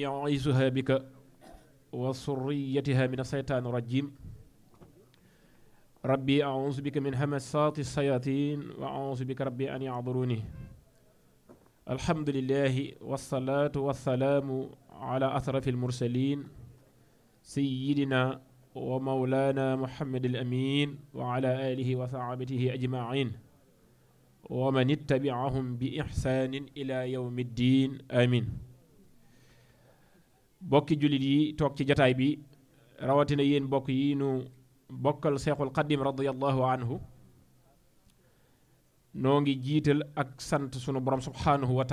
yaisuha bika wa surriyatiha min aseytaan rajim rabbi ausu bika min hamasati sayatin wa ausu bika rabbi an yahduruni alhamdulilahi wasalaatu wasalaamu ala asrafi almursalin sayidina wa maulana muhammad al amin wa ala alihi wa sahabatihi ajmain wa man ittabiahum bi ihsanin ila yawmi ddin amin bokki jullit yi toog ci jataay bi rawatina yéen bokk yi nu bokkal seexul xadim radiallahu anhu noo ngi jiital ak sant sunu borom subhanahu wa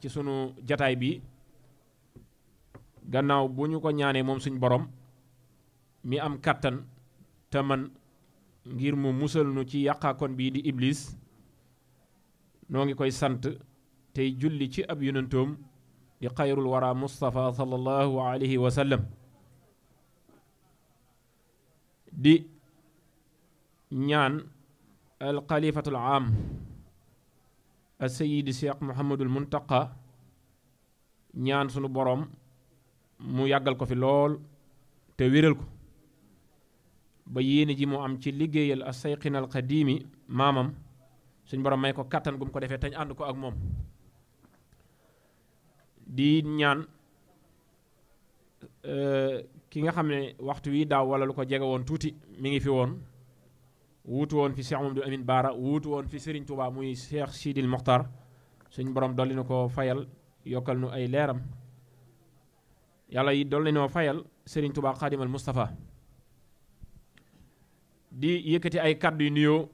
ci sunu jataay bi gannaaw bu ñu ko ñaanee moom suñ borom mi am kàttan te man ngir mu musal nu ci yàqaakon bii di iblis noo ngi koy sant tey julli ci ab yonentoom di xayrul wara Mustafa sallallahu alayhi wa sallam di ñaan al xalifatul am al sayidi Cheikh Muhammadul Muntaqa ñaan sunu boroom mu yàggal ko fi lool te wiral ko ba yéene ji mu am ci liggéeyal a sayqinal qadiimi maamam suñ boroom may ko kàttan gum ko defee tañ ànd ko ak moom di ñaan euh, ki nga xam ne waxtu wi daaw wala lu ko jege woon tuuti mi ngi fi woon wuutu woon fi Cheikh Mamadou Amine Baara wuutu woon fi Serigne Touba muy Cheikh Sidil Mokhtar suñ borom dolli na ko fayal yokkal nu ay leeram yàlla yi dolli noo fayal sëriñ Touba Xaadimal mustafa di yëkkati ay kàddu yu nuyoo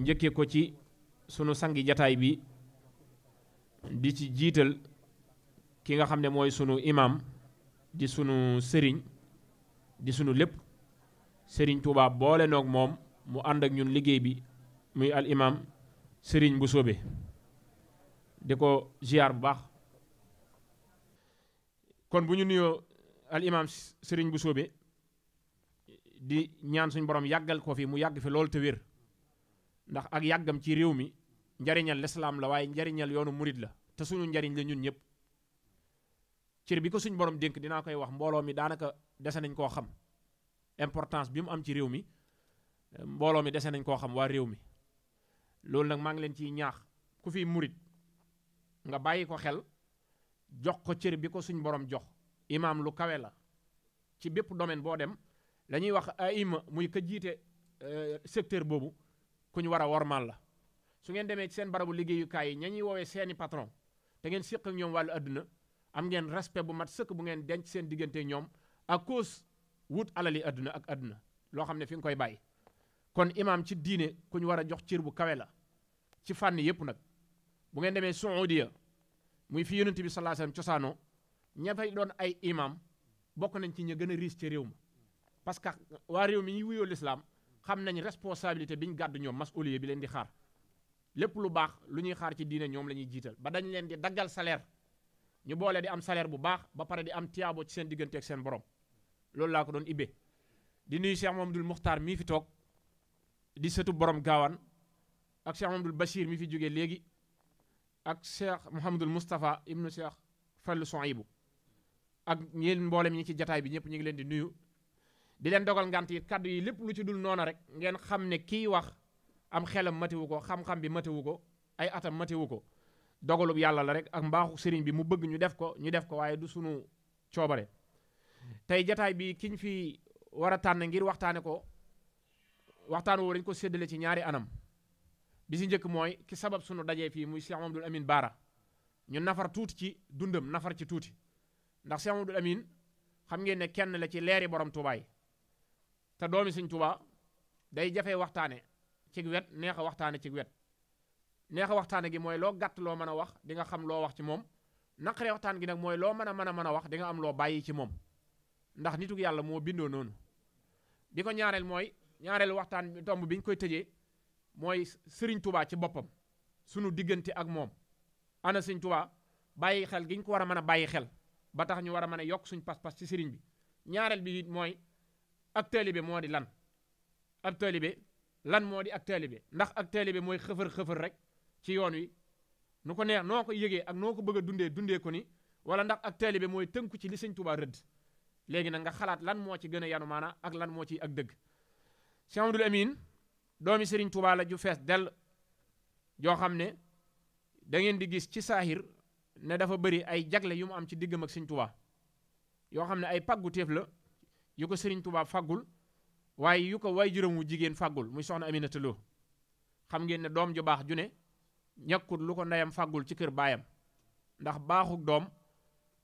njëkkee ko ci sunu sangi jataay bi di ci jiital ki nga xam ne mooy sunu imaam di sunu sëriñ di sunu lépp sëriñ Touba boole noog moom mu ànd ak ñun liggéey bi muy al sëriñ bu soobee di ko ziar bu baax kon bu ñu nuyoo al sëriñ bu soobee di ñaan suñ borom yàggal ko fi mu yàgg fi loolu te ndax ak yàggam ci réew mi njariñal lislaam la waaye njariñal yoonu murit la te suñu njariñ la ñun ñëpp cër bi ko suñ borom dénk dinaa koy wax mbooloo mi daanaka dese nañ koo xam importance bi mu am ci réew mi mbooloo mi dese nañ koo xam waa réew mi loolu nag maa ngi leen ciy ñaax ku fi murit nga bàyyi ko xel jox ko cër bi ko suñ borom jox imaam lu kawe la ci bépp domaine boo dem la wax wax aima muy ka jiite euh, secteur boobu ku ñu war a wormaal la su ngeen demee ci seen barabu liggéeyukaay yi ña ñuy woowee seeni patron te ngeen séq ak ñoom wàllu àdduna am ngeen respect bu mat sëkk bu ngeen denc seen diggante ñoom à cause wut alali àdduna ak àdduna loo xam ne fi nga koy bàyyi kon imaam ci diine ku ñu war a jox cir bu kawe la ci fànn yépp nag bu ngeen demee Saoudiya muy fi yonent bi sallallahu alayhi cosaanoo ña fay doon ay imaam bokk nañ ci ña gën a riis ci réew ma parce que waa réew mi ñuy wuyoo lislaam xam nañ responsabilité bi ñu gàddu ñoom masuliye bi leen di xaar lépp lu baax lu ñuy xaar ci diine ñoom la ñuy jiital ba dañ leen di daggal salaire ñu boole di am salaire bu baax ba pare di am tiyaabo ci seen diggante seen borom loolu laa ko doon ibbee di nuyu Cheikh Mamadou Muxtaar mii fi toog di sëtu boroom gaawaan ak Cheikh Mamadou Bachir mi fi jógee léegi ak Cheikh Mouhamadul Moustapha ibnu Cheikh Fallu Soyibu ak ñeen mboolem ñi ci jataay bi ñëpp ñu ngi leen di nuyu di leen dogal ngant yi kaddu yi lépp lu ci dul noona rek ngeen xam ne kii wax am xelam matewu ko xam-xam bi matewu ko ay atam matewu ko dogalub yàlla la rek ak mbaaxu sëriñ bi mu bëgg ñu def ko ñu def ko waaye du sunu coobare tey jataay bi kiñ fi war a ngir waxtaane ko waxtaan woo dañ ko séddale ci ñaari anam bi si njëkk mooy ki sabab sunu dajee fii muy Cheikh Mamadou Amine Baara ñu nafar tuuti ci dundam nafar ci tuuti ndax Cheikh Mamadou Amine xam ngeen ne kenn la ci leeri borom Touba te doomi siñ Touba day jafee waxtaane ci wet neexa a waxtaane ci wet neex a waxtaane gi mooy loo gàtt loo mën a wax di nga xam loo wax ci moom naqaree waxtaan gi nag mooy loo mën a mën a mën a wax di am loo bàyyi ci moom ndax nitug yàlla moo bindoo noonu di ko ñaareel mooy ñaareelu waxtaan bi tomb bi ñu koy tëjee mooy sëriñ tubaa ci boppam sunu diggante ak moom ana sëriñ tubaa bàyyi xel gi ñu ko war a mën a bàyyi xel ba tax ñu war a mën a yokk suñ pas-pas ci sëriñ bi ñaareel bi it mooy ak taalibe moo di lan ab taalibe lan moo di ak taalibe ndax ak taalibe mooy xëfër xëfër rek ci yoon wi nu ko neex noo ko yëgee ak noo ko bëgg a dundee dundee ko ni wala ndax ak taalibe mooy tënku ci li sëñ Tuubaa rëdd léegi nag nga xalaat lan moo ci gën a yanu maana ak lan moo ci ak dëgg Cheikh Amadou Amine doomi Serigne Touba la fees dell joo xam ne da di gis ci saahir ne dafa bëri ay jagle yu mu am ci diggam ak Serigne Touba yoo xam ne ay paggu téef la yu ko Serigne Touba faggul waaye yu ko way juróom jigéen faggul muy soxna Aminata Lo xam ngeen ne doom ju baax ju ne ñàkkut lu ko ndeyam fàggul ci kër baayam ndax baaxuk doom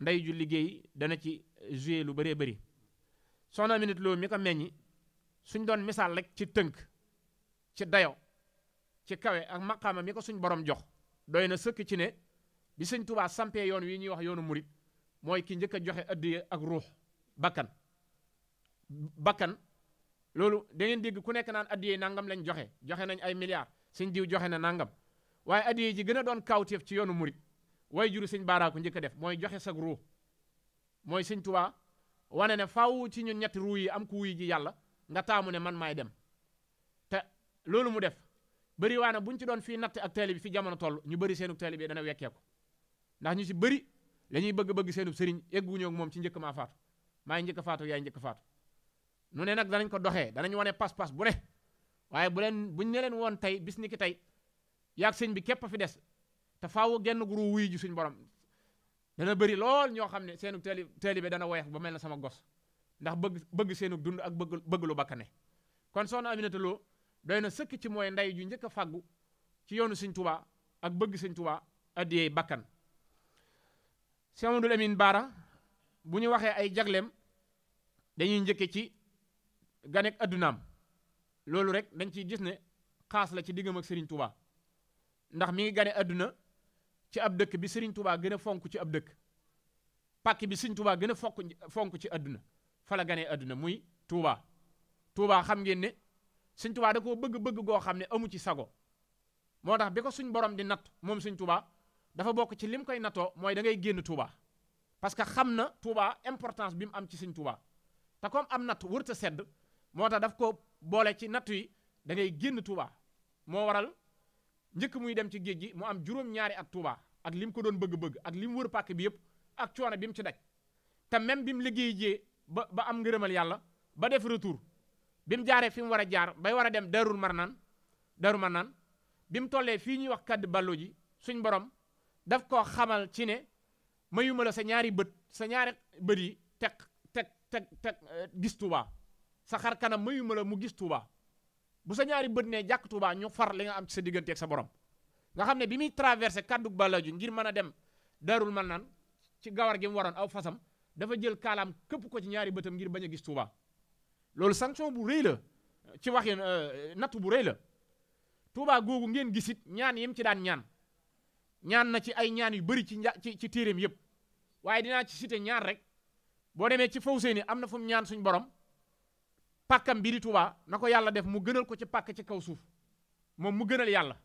ndey ju liggéey dana ci joué lu bëree bëri soxna nit loo mi ko meññi suñ doon misaal rek ci tënk ci dayo ci kawe ak maqaama mi ko suñ borom jox doy na sëkk ci ne bi sëñ tubaa sampee yoon wi ñuy wax yoonu murit mooy ki njëkk a joxe addiya ak ruux bakkan bakkan loolu da ngeen dégg ku nekk naan addiya nangam lañ joxe joxe nañ ay milliards sëñ diw joxe na nangam waaye addiye ji gën a doon kawteef ci yoonu murit waaye juru sëñ baaraaku njëkk def mooy joxe sag ruu mooy sëñ tubaa wane ne faaw ci ñun ñetti ruu yi am ku wuy ji yàlla nga taamu ne man maay dem te loolu mu def bëri waane buñ ci doon fii natt ak taalibe bi fi jamono toll ñu bari seenu taalibe bi dana wekkee ko ndax ñu si bëri la ñuy bëgg-bëgg seenub sëriñ egguñu ak moom ci njëkk maa faatu maay njëkk faatu yaay njëkk faatu nu ne nag danañ ko doxee danañ wane pas-pas bu ne bu leen woon tey bis ni tey yaag sëñ bi képp fi des te faaw genn guru wuy ji suñ borom dana bëri lool ñoo xam ne seenu teeli teelibe dana woyax ba mel na sama gos ndax bëgg bëgg seenu dund ak bëgg bëgg lu bakkane kon soxna Aminata Lo doy na sëkk ci mooy nday ju njëkk a fàggu ci yoonu sëñ Tuubaa ak bëgg sëñ Tuubaa addiyey bakkan Cheikh Amadou Lamine Bara bu ñu waxee ay jagleem dañuy njëkke ci ganek addunaam loolu rek dañ ciy gis ne xaas la ci diggam ak tubaa ndax mi ngi gane àdduna ci ab dëkk bi Serigne Touba gën a fonk ci ab dëkk pàkk bi Serigne Touba gën a fonk ci àdduna fa la gane àdduna muy Touba. Touba xam ngeen ne Serigne Touba da koo bëgg-bëgg goo xam ne amu ci sago moo tax bi ko suñ borom di natt moom Serigne Touba dafa bokk ci lim koy nattoo mooy da ngay génn Touba. parce que xam na Touba importance bi mu am ci Serigne Touba te comme am natt wërta sedd moo tax daf ko boole ci nattu yi da ngay génn Touba moo waral. njëkk muy dem ci géej gi mu am juróom-ñaari at Touba ak li mu ko doon bëgg-bëgg ak li wër pàkk bi yëpp ak coono bi mu ci daj te même bi mu liggéey jee ba ba am ngërëmal yàlla ba def retour bi mu jaaree fi mu war a jaar bay war a dem darul marnaan darul marnaan bi mu tollee fii ñuy wax kàdd ballo ji suñ borom daf ko xamal ci ne mayuma la sa ñaari bët sa ñaari bët yi teg teg teg teg gis Touba sa xar kanam mayuma la mu gis Touba bu sa ñaari bët nee jàkk Touba ñu far li nga am ci sa diggante sa borom nga xam ne bi muy traversé kàddu balaju ngir mën a dem daarul man naan ci gawar gi mu waroon aw fasam dafa jël kaalaam këpp ko ci ñaari bëtam ngir bañ a gis Touba loolu sanction bu rëy la ci waxin euh, nattu bu rëy la Touba googu ngeen gisit ñaan yim ci daan ñaan ñaan na ci ay ñaan yu bëri ci ci ci téeréem yëpp waaye dinaa ci cité ñaar rek boo demee ci faw seeni am na fu ñaan suñ borom pakkam bi di Tuubaa na ko yàlla def mu gënal ko ci pàkk ci kaw suuf moom mu gënal yàlla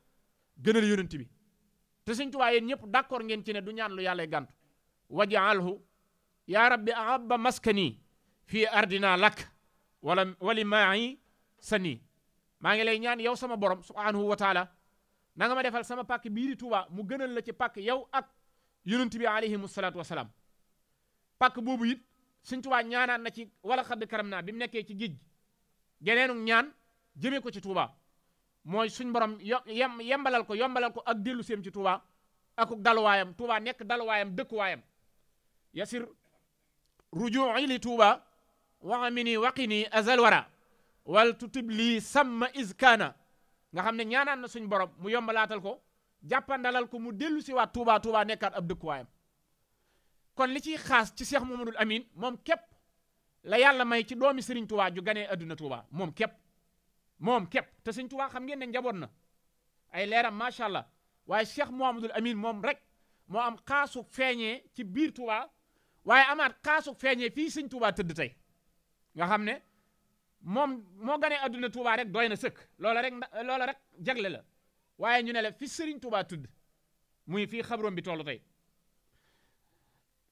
gënal yonent bi te Sëñ Tuubaa yéen ñëpp d'accord ngeen ci ne du ñaan lu yàllay gàntu waj yaa rabbi ahabba maskani fi ardina lak wala wali maai sani maa ngi lay ñaan yow sama borom subhanahu wa taala na nga ma defal sama pàkk bii di Tuubaa mu gënal la ci pàkk yow ak yonent bi alayhim salaatu wasalaam pàkk boobu it Sëñ Tuubaa ñaanaan na ci wala xadd karam naa bi mu nekkee ci géej gi geneenu ñaan jëmee ko ci Touba mooy suñ borom yem yembalal ko yombalal ko ak dellu seem ci Touba akuk daluwaayam Touba nekk daluwaayam dëkkuwaayam yasir ruju'i li Touba wa amini waqini azal wara wal tutib lii samma iskaana nga xam ne ñaanaan na suñ borom mu yombalaatal ko jàppandalal ko mu dellu si waat Touba Touba nekkaat ab dëkkuwaayam kon li ci xaas ci Cheikh Mamadou Amine moom képp la yàlla may ci doomi Serigne Touba ju ganee adduna Touba moom képp moom képp te sëñ Touba xam ngeen ne njaboot na ay leeram macha allah waaye Cheikh Mouhamadul Amine moom rek moo am xaasu feeñee ci biir Touba waaye amaat xaasu feeñee fii Serigne Touba tëdd tey nga xam ne moom moo ganee adduna Touba rek doy na sëkk loola rek loola rek jagle la waaye ñu ne la fi Serigne Touba tudd muy fii xabroom bi tollu tey.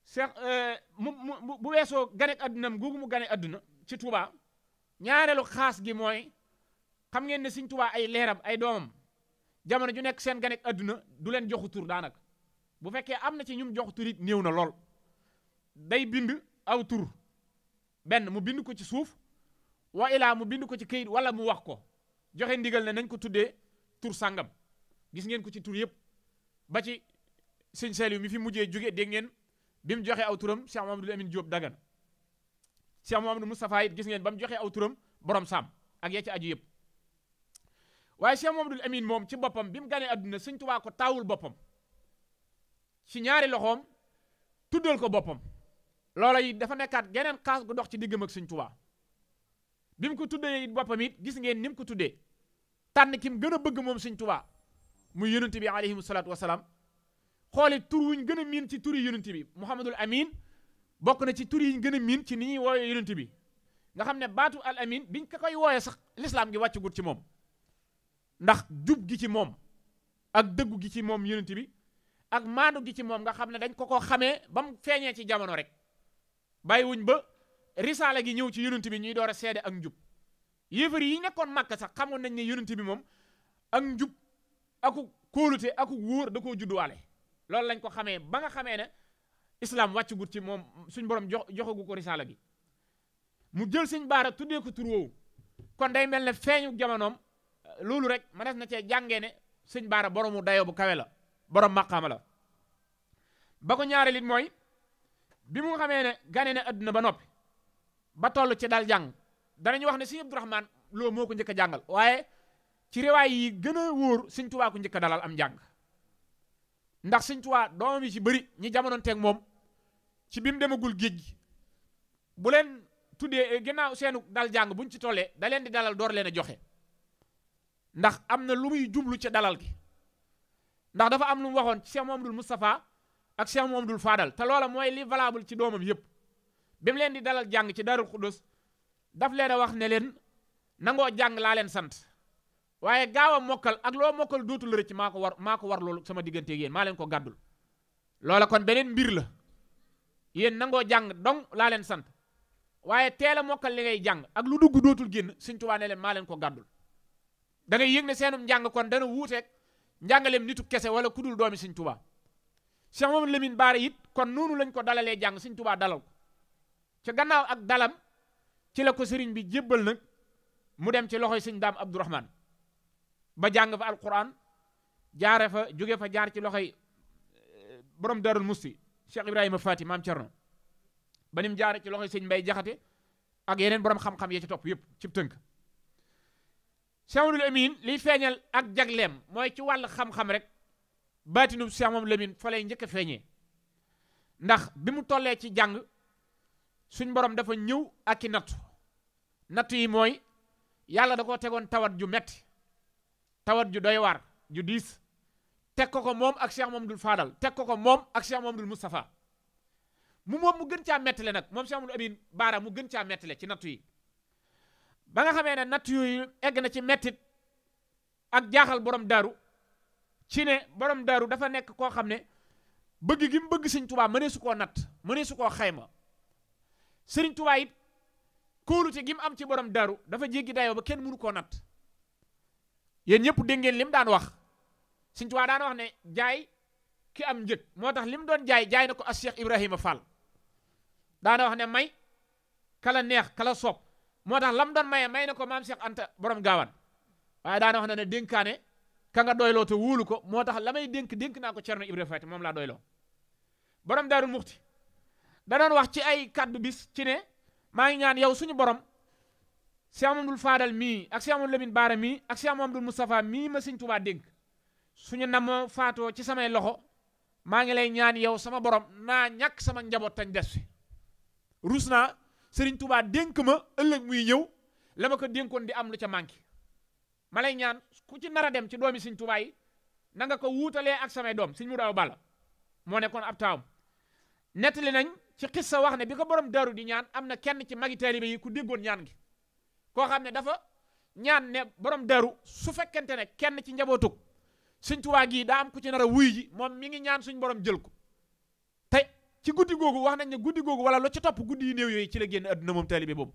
Cheikh eh, mu mu bu weesoo gane addunam googu mu gane adduna ci Touba ñaareelu xaas gi mooy xam ngeen ne Sëñ Touba ay leeram ay doomam jamono ju nekk seen gane adduna du leen joxu tur daanaka bu fekkee am na ci ñum joxu tur néew na lool day bind aw tur benn mu bind ko ci suuf wa ilaa mu bind ko ci kayit wala mu wax ko joxe ndigal ne nañ ko tuddee tur sàngam gis ngeen ko ci tur yëpp ba ci sëñ Saliou mi fi mujjee jóge dengeen bi mu joxe aw turam Cheikh Mouhamadou Amine Diop Dagana Cheikh Mouhamadou Moustapha it gis ngeen ba mu joxe aw turam borom saam ak ya ci aju yëpp waaye Cheikh Mouhamadou Amine moom ci boppam bi mu ganee adduna Sëñ Tuubaa ko taawul boppam si ñaari loxoom tuddal ko boppam loolo yi dafa nekkaat geneen kaas gu dox ci diggam ak Sëñ Tuubaa bi mu ko tuddee it boppam it gis ngeen nim mu ko tuddee tànn ki mu gën a bëgg moom Sëñ mu muy yonent bi alayhi salaatu wasalaam xooli tur wuñ gën a miin ci turi yonent bi Muhammadul Amin bokk na ci tur yiñ gën a miin ci ni ñuy wooyee yonent bi nga xam ne baatu al amin biñ ko koy wooyee sax lislaam gi wàccagut ci moom ndax jub gi ci moom ak dëggu gi ci moom yonent bi ak maandu gi ci moom nga xam ne dañ ko ko xamee ba mu feeñee ci jamono rek bàyyiwuñ ba risaale gi ñëw ci yonent bi ñuy door a seede ak njub yéefar yi nekkoon màkk sax xamoon nañ ne yonent bi moom ak njub aku kóolute aku wóor da koo judduwaale loolu lañ ko xamee ba nga xamee ne islam wàccugut ci moom suñ borom jox joxagu ko risaala gi mu jël sëñ baara tuddee ko tur kon day mel ne feeñu jamonoom loolu rek mënees na cee jàngee ne sëñ baara boromu dayoo bu kawe la borom maqaama la ba ko ñaareel mooy bi mu xamee ne gane ne adduna ba noppi ba toll ci dal jàng danañu wax ne sëñ Abdourahman loo moo ko njëkk a jàngal waaye ci rewaay yi gën a wóor sëñ Tuubaa ko njëkk dalal am njàng ndax sëñ Tuubaa doomam yi ci bëri ñi jamonoonteeg moom ci bim demagul géej gi bu leen tuddee eh, ginnaaw seenu dal jàng buñ ci tollee da leen di dalal door leen a joxe ndax am na lu jublu ci dalal gi ndax dafa am lu mu waxoon ci Cheikh Mamadou Moustapha ak Cheikh dul faadal te loola mooy li valable ci doomam yépp bi leen di dalal jàng ci Darou Khoudoss daf leen a wax ne leen nangoo jàng laa leen sant waaye gaaw a mokkal ak loo mokkal dootu la rëcc maa ko war maa war loolu sama digganteeg yéen maa leen ko gàddul loola kon beneen mbir la yéen nangoo jàng dong laa leen sant waaye teel a mokkal li jàng ak lu dugg dootul génn Sëñ Tuubaa ne leen maa leen ko gàddul da ngay yëg ne seenum njàng kon dana wuuteeg leen nitu kese wala ku dul doomi Sëñ Tuubaa Cheikh Mamadou Lamine Bara it kon noonu lañ ko dalalee jàng Sëñ Tuubaa dalal ko ca gannaaw ak dalam ci la ko sëriñ bi jébbal nag mu dem ci loxoy Sëñ Daam Abdourahman ba jàng fa alquran jaare fa jóge fa jaar ci loxoy eh, borom darul musti Cheikh Ibrahima Fati maam Cerno ba nim jaare ci loxoy sëñ Mbay Jaxate ak yeneen borom xam-xam yee ci topp yëpp cib tënk Cheikh miin liy feeñal ak jagleem mooy ci wàll xam-xam rek baatinub Cheikh moom Lamin fa njëkk a feeñee ndax bi mu tollee ci jàng suñ borom dafa ñëw ak i nattu nattu yi mooy yàlla da koo tegoon tawat ju metti tawat ju doy waar ju diis teg ko ko moom ak Cheikh Mamadou Fadal teg ko ko moom ak Cheikh Mamadou Moustapha mu moom mu gën caa mettale nag moom Cheikh Mamadou Amin Baara mu gën caa mettale ci nattu yi ba nga xamee ne nattu yooyu egg na ci mettit ak jaaxal borom daaru ci ne borom daaru dafa nekk koo xam ne bëgg gi mu bëgg sëñ tubaa mënee su koo natt mënee su koo xayma sëriñ tubaa it kóolute gi mu am ci borom daaru dafa jéggi dayoo ba kenn mënu koo natt yéen ñëpp dégg ngeen lim daan wax Sëñ Tuubaa daan wax ne jaay ki am njëg moo tax lim doon jaay jaay ne ko as Cheikh Ibrahima Fall daana wax ne may kala neex kala soob moo tax lam doon maye may ne ko maam Cheikh Anta borom gaawan waaye daan wax ne ne dénkaane ka nga doyloo te wóolu ko moo tax la may dénk dénk naa ko Cerno Ibrahima Fall moom laa doyloo borom daaru muxti da doon wax ci ay kaddu bis ci ne maa ngi ñaan yow suñu borom Cheikh Amadou Fadal mii ak Cheikh Amadou Lamine Baara mii ak Cheikh Amadou mii ma sëñ tubaa dénk suñu namoo faatoo ci samay loxo maa ngi lay ñaan yow sama borom naa ñàkk sama njaboot tañ des fi rus naa sëriñ Tuubaa dénk ma ëllëg muy ñëw la ma ko dénkoon di am lu ca manqué ma lay ñaan ku ci nar a dem ci doomi sëñ Tuubaa yi na nga ko wuutalee ak samay doom sëñ mu Awa Balla moo nekkoon ab taawam nettali nañ ci xissa wax ne bi ko borom daaru di ñaan am na kenn ci magi taalibe yi ku déggoon ñaan gi koo xam ne dafa ñaan ne borom daru su fekkente ne kenn ci njabootug Sëñ Tuubaa gii daa am ku ci nara a wuy ji moom mi ngi ñaan suñ borom jël ko te ci guddi googu wax nañ ne guddi googu wala lu ci topp guddi yu néew yooyu ci la génn àdduna moom taalibe boobu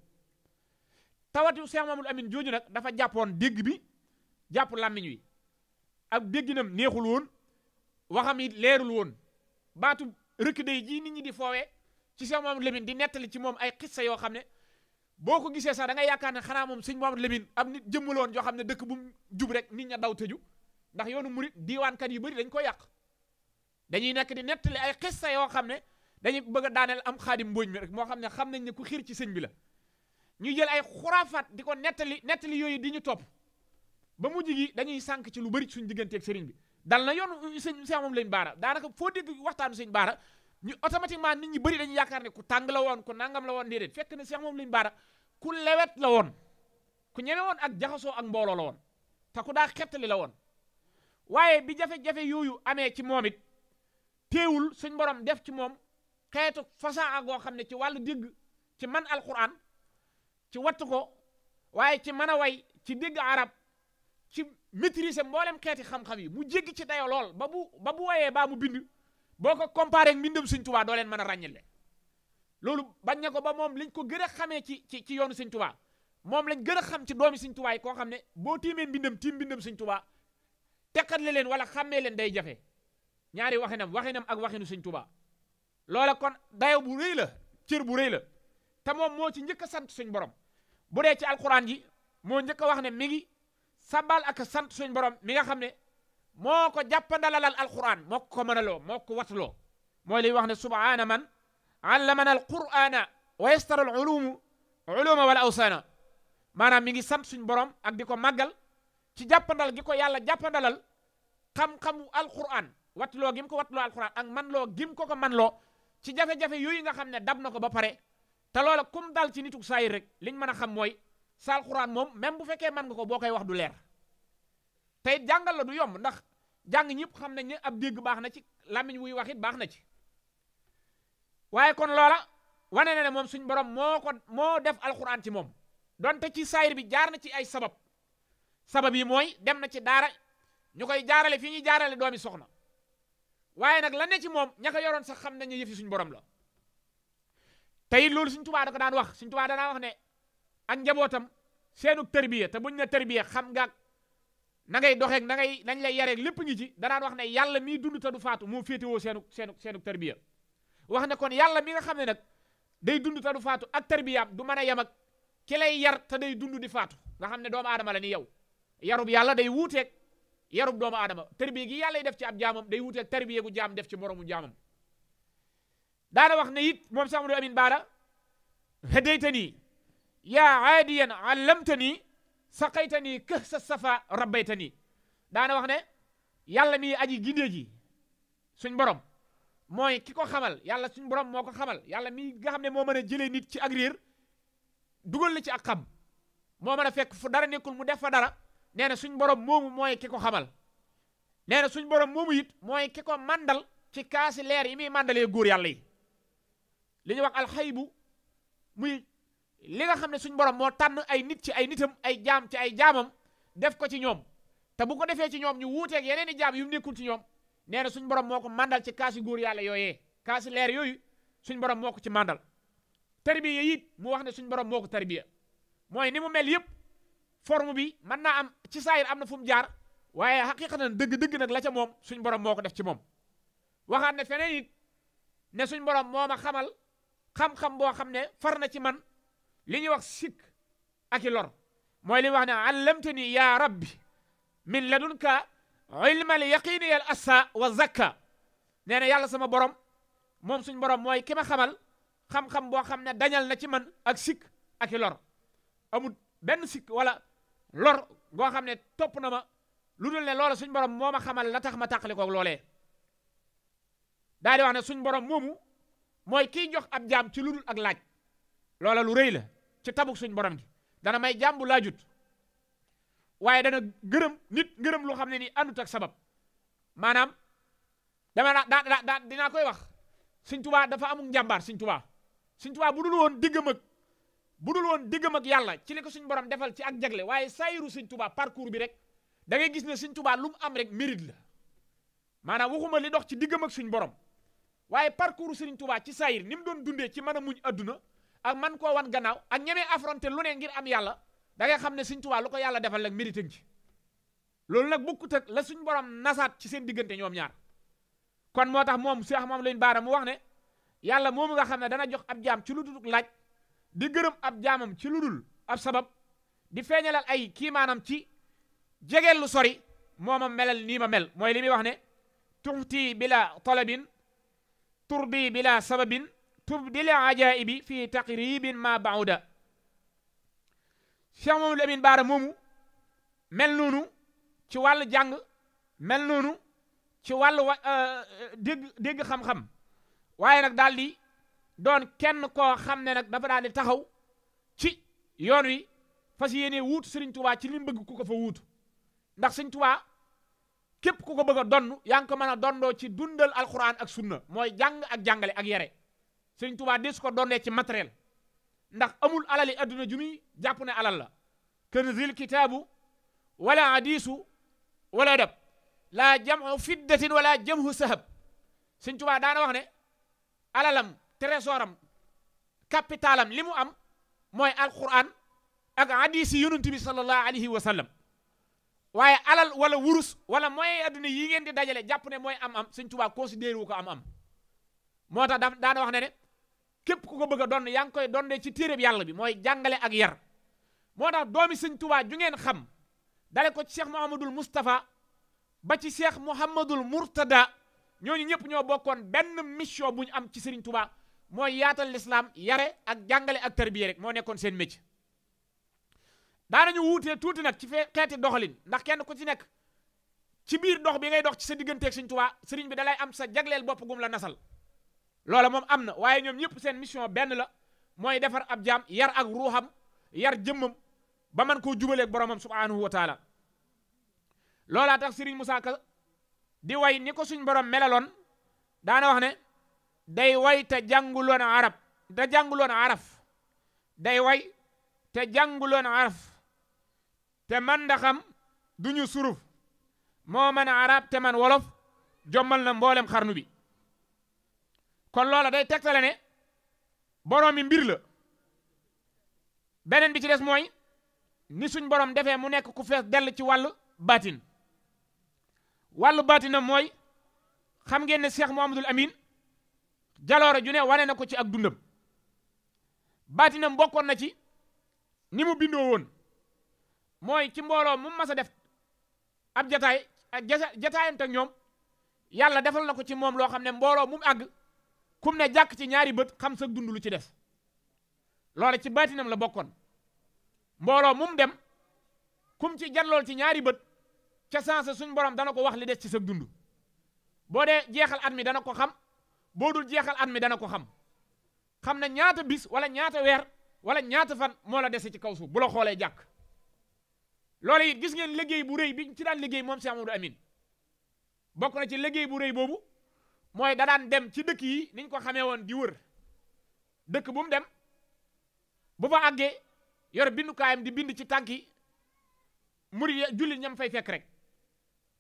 tawatu Cheikh Mamadou Amine jooju nag dafa jàppoon dégg bi jàpp làmmiñ wi ak dégginam neexul woon waxam it leerul woon baatu rëkk day jii nit ñi di foowee ci Cheikh Mamadou Lamine di nettali ci moom ay xissa yoo xam ne boo ko gisee sax da nga yaakaar ne xanaa moom sëñ Mouhamadou Lamine am nit jëmmaloon joo xam ne dëkk bu mu jub rek nit ña daw tëju ndax yoonu mu diiwaankat yu bëri dañ ko yàq dañuy nekk di nettali ay xissa yoo xam ne dañuy bëgg a am xaadim mbóoj mi rek xam ne xam nañ ne ku xiir ci sëñ bi la ñuy jël ay xuraafaat di ko nettali nettali yooyu di ñu topp ba mujj gi dañuy sànq ci lu bëri suñ digganteeg sëriñ bi dal na yoonu sëñ sëñ moom lañ baara daanaka foo dégg waxtaanu sëñ baara ñu automatiquement ni ñi bëri dañu yaakaar ne ku tàng la woon ku nangam la woon déedéet fekk ne Cheikh moom liñ baara ku lewet la woon ku ñeme woon ak jaxasoo ak mbooloo la woon te ku daa xettali la woon waaye bi jafe-jafe yooyu amee ci moom it téewul suñ borom def ci moom xeetu fasaa goo xam ne ci wàllu dégg ci man alquran ci wattu ko waaye ci mën a way ci dégg arab ci maîtriser mboolem xeeti xam-xam yi mu jéggi ci dayo lool ba bu ba bu wayee baa mu bind boo ko comparé ak mbindum sëñ tubaa doo leen mën a ràññile loolu bañ na ko ba moom liñ ko gën a xamee ci ci ci yoonu sëñ tubaa moom lañ gën a xam ci doomi sëñ tubaa yi koo xam ne boo tiimee mbindam tiim mbindam sëñ tubaa tekkatle leen wala xàmmee leen day jafe ñaari waxinam waxinam ak waxinu sëñ tubaa loola kon dayo bu rëy la cër bu rëy la te moom moo ci njëkk a sant suñ borom bu dee ci alxuraan ji moo njëkk a wax ne mi ngi sabal ak sant suñ borom mi nga xam ne moo ko jàppandalalal alquran moo ko mënaloo moo ko watloo mooy liy wax ne subhaana man allamana alqur'ana wa yastara al ulumu uluma wala awsaana maanaam mi ngi sant suñ borom ak di ko màggal ci jàppandal gi ko yàlla jàppandalal xam-xamu alquran watloo gim ko watloo alquran ak manloo gim ko ko loo ci jafe-jafe yooyu nga xam ne dab na ko ba pare te loola kum dal ci nituk saayir rek liñ mën a xam mooy sa alquran moom même bu fekkee man nga ko boo koy wax du leer te jàngal la du yomb ndax jàng ñëpp xam nañ ne ab dégg baax na ci làmmiñ wuy wax it baax na ci waaye kon loola wane na ne moom suñ borom moo moo def alxuraan ci moom donte ci saayir bi jaar na ci ay sabab sabab yi mooy dem na ci daara ñu koy jaarale fii ñuy jaarale doomi soxna waaye nag la ne ci moom ña ko yoroon sax xam nañu yëfi suñ borom la tey loolu suñ tubaa ko daan wax suñ tubaa danaa wax ne ak njabootam seenu tërbiya te buñ na tërbiya xam nga na ngay doxeeg na ngay nañ lay yareeg lépp ngi ci danaan wax ne yàlla miy dund te du faatu moo féetewoo seenu seenu seenu tarbiya wax ne kon yàlla mi nga xam ne nag day dundu te du faatu ak tarbiyaam du mën a yem ki lay yar te day dund di faatu nga xam ne doomu aadama la ni yow yarub yàlla day wuuteeg yarub doomu aadama tarbiya gi yàlla def ci ab jaamam day wuuteeg tarbiya gu jaam def ci moroomu jaamam daana wax ne it moom Sëñ Amadu Amin Baara hadaytani yaa aadiyan saqaytanii kë sa safa rabbaytanii daana wax ne yàlla mi aji gindee ji suñ borom mooy ki ko xamal yàlla suñ borom moo ko xamal yàlla mi nga xam ne moo mën a jëlee nit ci ak dugal la ci ak xam moo mën a fekk fu dara nekkul mu def fa dara nee na suñ borom moomu mooy ki ko xamal nee suñ borom moomu it mooy ki ko mandal ci kaasi leer yi muy mandalee góor yàlla yi li wax alxaybu muy li nga xam ne suñ borom moo tànn ay nit ci ay nitam ay jaam ci ay jaamam def ko ci ñoom te bu ko defee ci ñoom ñu wuuteeg yeneen i jaam yu mu nekkul ci ñoom nee suñ borom moo ko mandal ci kaasi góor yàlla yooyee kaasi leer yooyu suñ borom moo ko ci mandal tarbiya it mu wax ne suñ borom moo ko tarbiya mooy ni mu mel yëpp forme bi mën naa am ci saayir am na fu mu jaar waaye xaqiqatan dëgg-dëgg nag la ca moom suñ borom moo ko def ci moom waxaat ne feneen it ne suñ borom moo ma xamal xam boo xam ne far na ci man li ñuy wax sikk ak i lor mooy li wax ne allamtani yaa rabbi min ladunka ilmal yaqini yal assa wa zakka nee na yàlla sama borom moom suñ borom mooy ki ma xamal xam-xam boo xam ne dañal na ci man ak sikk ak i lor amul benn sikk wala lor goo xam ne topp na ma lu dul ne loola suñ borom moo ma xamal la tax ma tàqali koog loolee wax ne suñ borom moomu mooy kiy jox ab jaam ci lu dul ak laaj loola lu rëy la ci tabuk suñ borom gi dana may jàmbu laajut waaye dana gërëm nit ngërëm lu xam ne ni àndut ak sabab maanaam dama daa daa daa dinaa koy wax suñ tubaa dafa amul njàmbaar suñ tubaa suñ tubaa bu dul woon diggam ak bu dul woon diggam ak yàlla ci li ko suñ borom defal ci ak jagle waaye saayiru suñ tubaa parcours bi rek dangay gis ne suñ tubaa lu mu am rek mérite la maanaam waxuma li dox ci diggam ak suñ borom waaye parcours suñ tubaa ci saayir ni mu doon dundee ci mën a muñ adduna ak man koo wan gannaaw ak ñemee affronter lu ne ngir am yàlla da xam ne Sëñ Tuubaa lu ko yàlla defal nag mérite ngi loolu nag bukkut la suñ borom nasaat ci seen diggante ñoom ñaar kon moo tax moom Cheikh moom lañ baara mu wax ne yàlla moomu nga xam ne dana jox ab jaam ci lu dul laaj di gërëm ab jaamam ci lu dul ab sabab di feeñalal ay kii maanaam ci jegeel lu sori moomam melal nii ma mel mooy li wax ne tuxti bila talabin turdi bila sababin tubdil ajaibi fi taqribin ma bauda Cheikh Mamadou Lamine Bara moomu mel noonu ci wàllu jàng mel noonu ci wàllu wa euh, euh, dégg dégg xam-xam waaye nag daal di doon kenn koo xam ne nag dafa daal di taxaw ci yoon wi fas yéene wuutu Sëriñ Tuubaa ci li mu bëgg ku ko fa wuutu ndax Sëriñ Tuubaa képp ku ko bëgg a donn yaa ngi ko mën a dondoo ci dundal alxuraan ak sunna mooy jàng ak jàngale ak yere sëriñ Tuubaa des ko doonee ci matériel ndax amul alali adduna ju muy jàpp ne alal la kanzil kitaabu wala hadiisu wala dab laa jamu fiddatin wala jamhu sahab sëriñ Tuubaa daana wax ne alalam trésoram capitalam li mu am mooy alquran ak hadiisi yonent bi sallallahu alayhi wa sallam waaye alal wala wurus wala moyen adduna yi ngeen di dajale jàpp ne mooy am am sëriñ Tuubaa considéré ko am am moo tax daana wax ne ne képp ku ko bëgg a donn yaa ngi koy donnee ci téereb yàlla bi mooy jàngale ak yar moo tax doomi sëñ tubaa ju ngeen xam dale ko ci cheikh mouhamadul moustapha ba ci cheikh mouhamadul mourtada ñooñu ñëpp ñoo bokkoon benn mission bu ñu am ci sëriñ tubaa mooy yaatal lislaam yare ak jàngale ak tarbiya rek moo nekkoon seen métier daanañu wuutee tuuti nag ci fee xeeti doxalin ndax kenn ku ci nekk ci biir dox bi ngay dox ci sa digganteeg sëriñ tubaa sëriñ bi dalay am sa jagleel bopp gum la nasal loola moom am na waaye ñoom ñëpp seen mission benn la mooy defar ab jaam yar ak ruuxam yar jëmmam ba man koo jubaleeg boromam subhanahu wa taala loolaa tax Serigne Ka di way ni ko suñ borom melaloon daana wax ne day way te jànguloon arab te jànguloon araf day way te jànguloon araf te man ndaxam duñu suruf moo man arab te man wolof jommal na mboolem xarnu bi kon loola day tegtale ne borom mi mbir la beneen bi ci des mooy ni suñ borom defee mu nekk ku fees dell ci wàllu baatin wàllu baatinam mooy xam ngeen ne Cheikh Mouhamadoul Amine jaloore ju ne wane na ko ci ak dundam baatinam mbokkoon na ci ni mu bindoo woon mooy ci mbooloo mu mas a def ab jataay ak jataayante ak ñoom yàlla defal na ko ci moom loo xam ne mbooloo mu àgg kum na jàkk ci ñaari bët xam sa dund lu ci des loola ci baatinam la bokkoon mbooloo mum dem kum ci janlool ci ñaari bët ca sansa suñ borom dana ko wax li des ci sa dund boo dee jeexal at mi dana ko xam boo dul jeexal at mi dana ko xam xam na ñaata bis wala ñaata weer wala ñaata fan moo la dese ci kaw bu la xoolee jàkk loolu it gis ngeen liggéey bu rëy bi ci daan liggéey moom Cheikh Amadou Amine bokk na ci liggéey bu rëy boobu mooy da daan dem ci dëkk yi niñ ko xamee woon di wër dëkk bu mu dem bu fa àggee yor bindukaayam di bind ci tànk yi muri jullit ñam fay fekk rek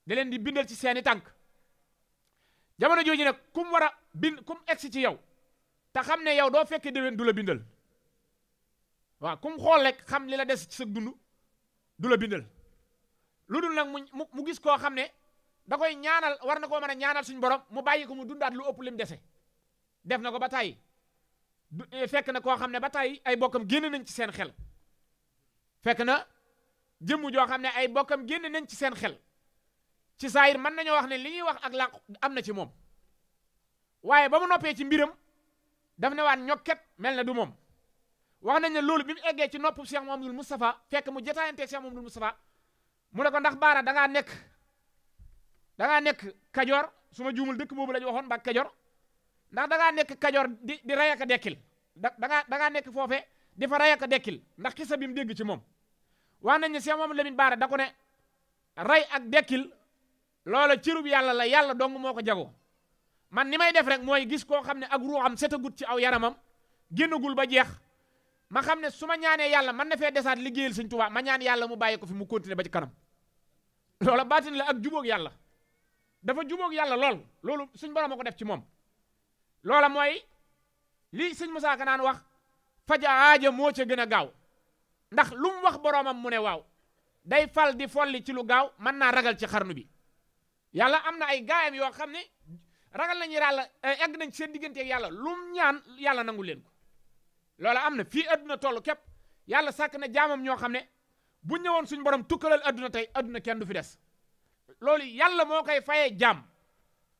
da leen di bindal ci seeni tànk jamono jooju nag ku mu war a bind ku mu egsi ci yow te xam ne yow doo fekkee déwén du la bindal waaw ku mu xool rek xam li la des ci sa dund du la bindal lu du nag mu mu gis koo xam ne da koy ñaanal war na koo mën a ñaanal suñu borom mu bàyyi ko mu dundaat lu ëpp lim dese def na ko ba tàyyi eh, fekk na koo xam ne ba tàyyi ay bokkam génn nañ ci seen xel fekk na jëmm joo xam ne ay bokkam génn nañ ci seen xel ci saayir mën nañoo wax ne li ñuy wax ak làqu am na ci moom waaye ba mu noppee ci mbiram daf ne waat ñokket mel na du moom wax nañ ne loolu bi mu eggee ci nopp Cheikh Mouhamadoul Moustapha fekk mu jotaayante Cheikh Mouhamadoul Moustapha mu ne ko ndax baara da ngaa nekk da nekk kajoor su ma juumul dëkk boobu la ñu waxoon mbaa kajoor ndax da ngaa nekk kajoor di di rey ak dekkil da da ngaa nekk foofe di fa rey ak dekkil ndax xisa bi mu dégg ci moom waa nañ ne Cheikh Mamadou Lamine Bara da ko ne rey ak dekkil loola cërub yàlla la yàlla dong moo ko jagoo man ni may def rek mooy gis koo xam ne ak ruuxam setagut ci aw yaramam génnagul ba jeex ma xam ne su ma ñaanee yàlla man na fee desaat liggéeyal Sëñ Tuubaa ma ñaan yàlla mu bàyyi ko fi mu continuer ba ci kanam loola baatin la ak jubóog yàlla dafa jubóog yàlla lool loolu suñ borom a ko def ci moom loola mooy lii sëñ Musaa Ka naan wax faja aaja moo ca gën a gaaw ndax lu mu wax boroomam mu ne waaw day fal di folli ci lu gaaw mën naa ragal ci xarnu bi yàlla am na ay gaayam yoo xam ne ragal nañu yàlla eh, egg nañ seen diggante yàlla lu ñaan yàlla nangu leen ko loola am na fii adduna toll képp yàlla sàkk na jaamam ñoo xam ne bu ñëwoon suñ borom tukkalal adduna tey adduna kenn du fi des loolu yàlla moo koy faye jaam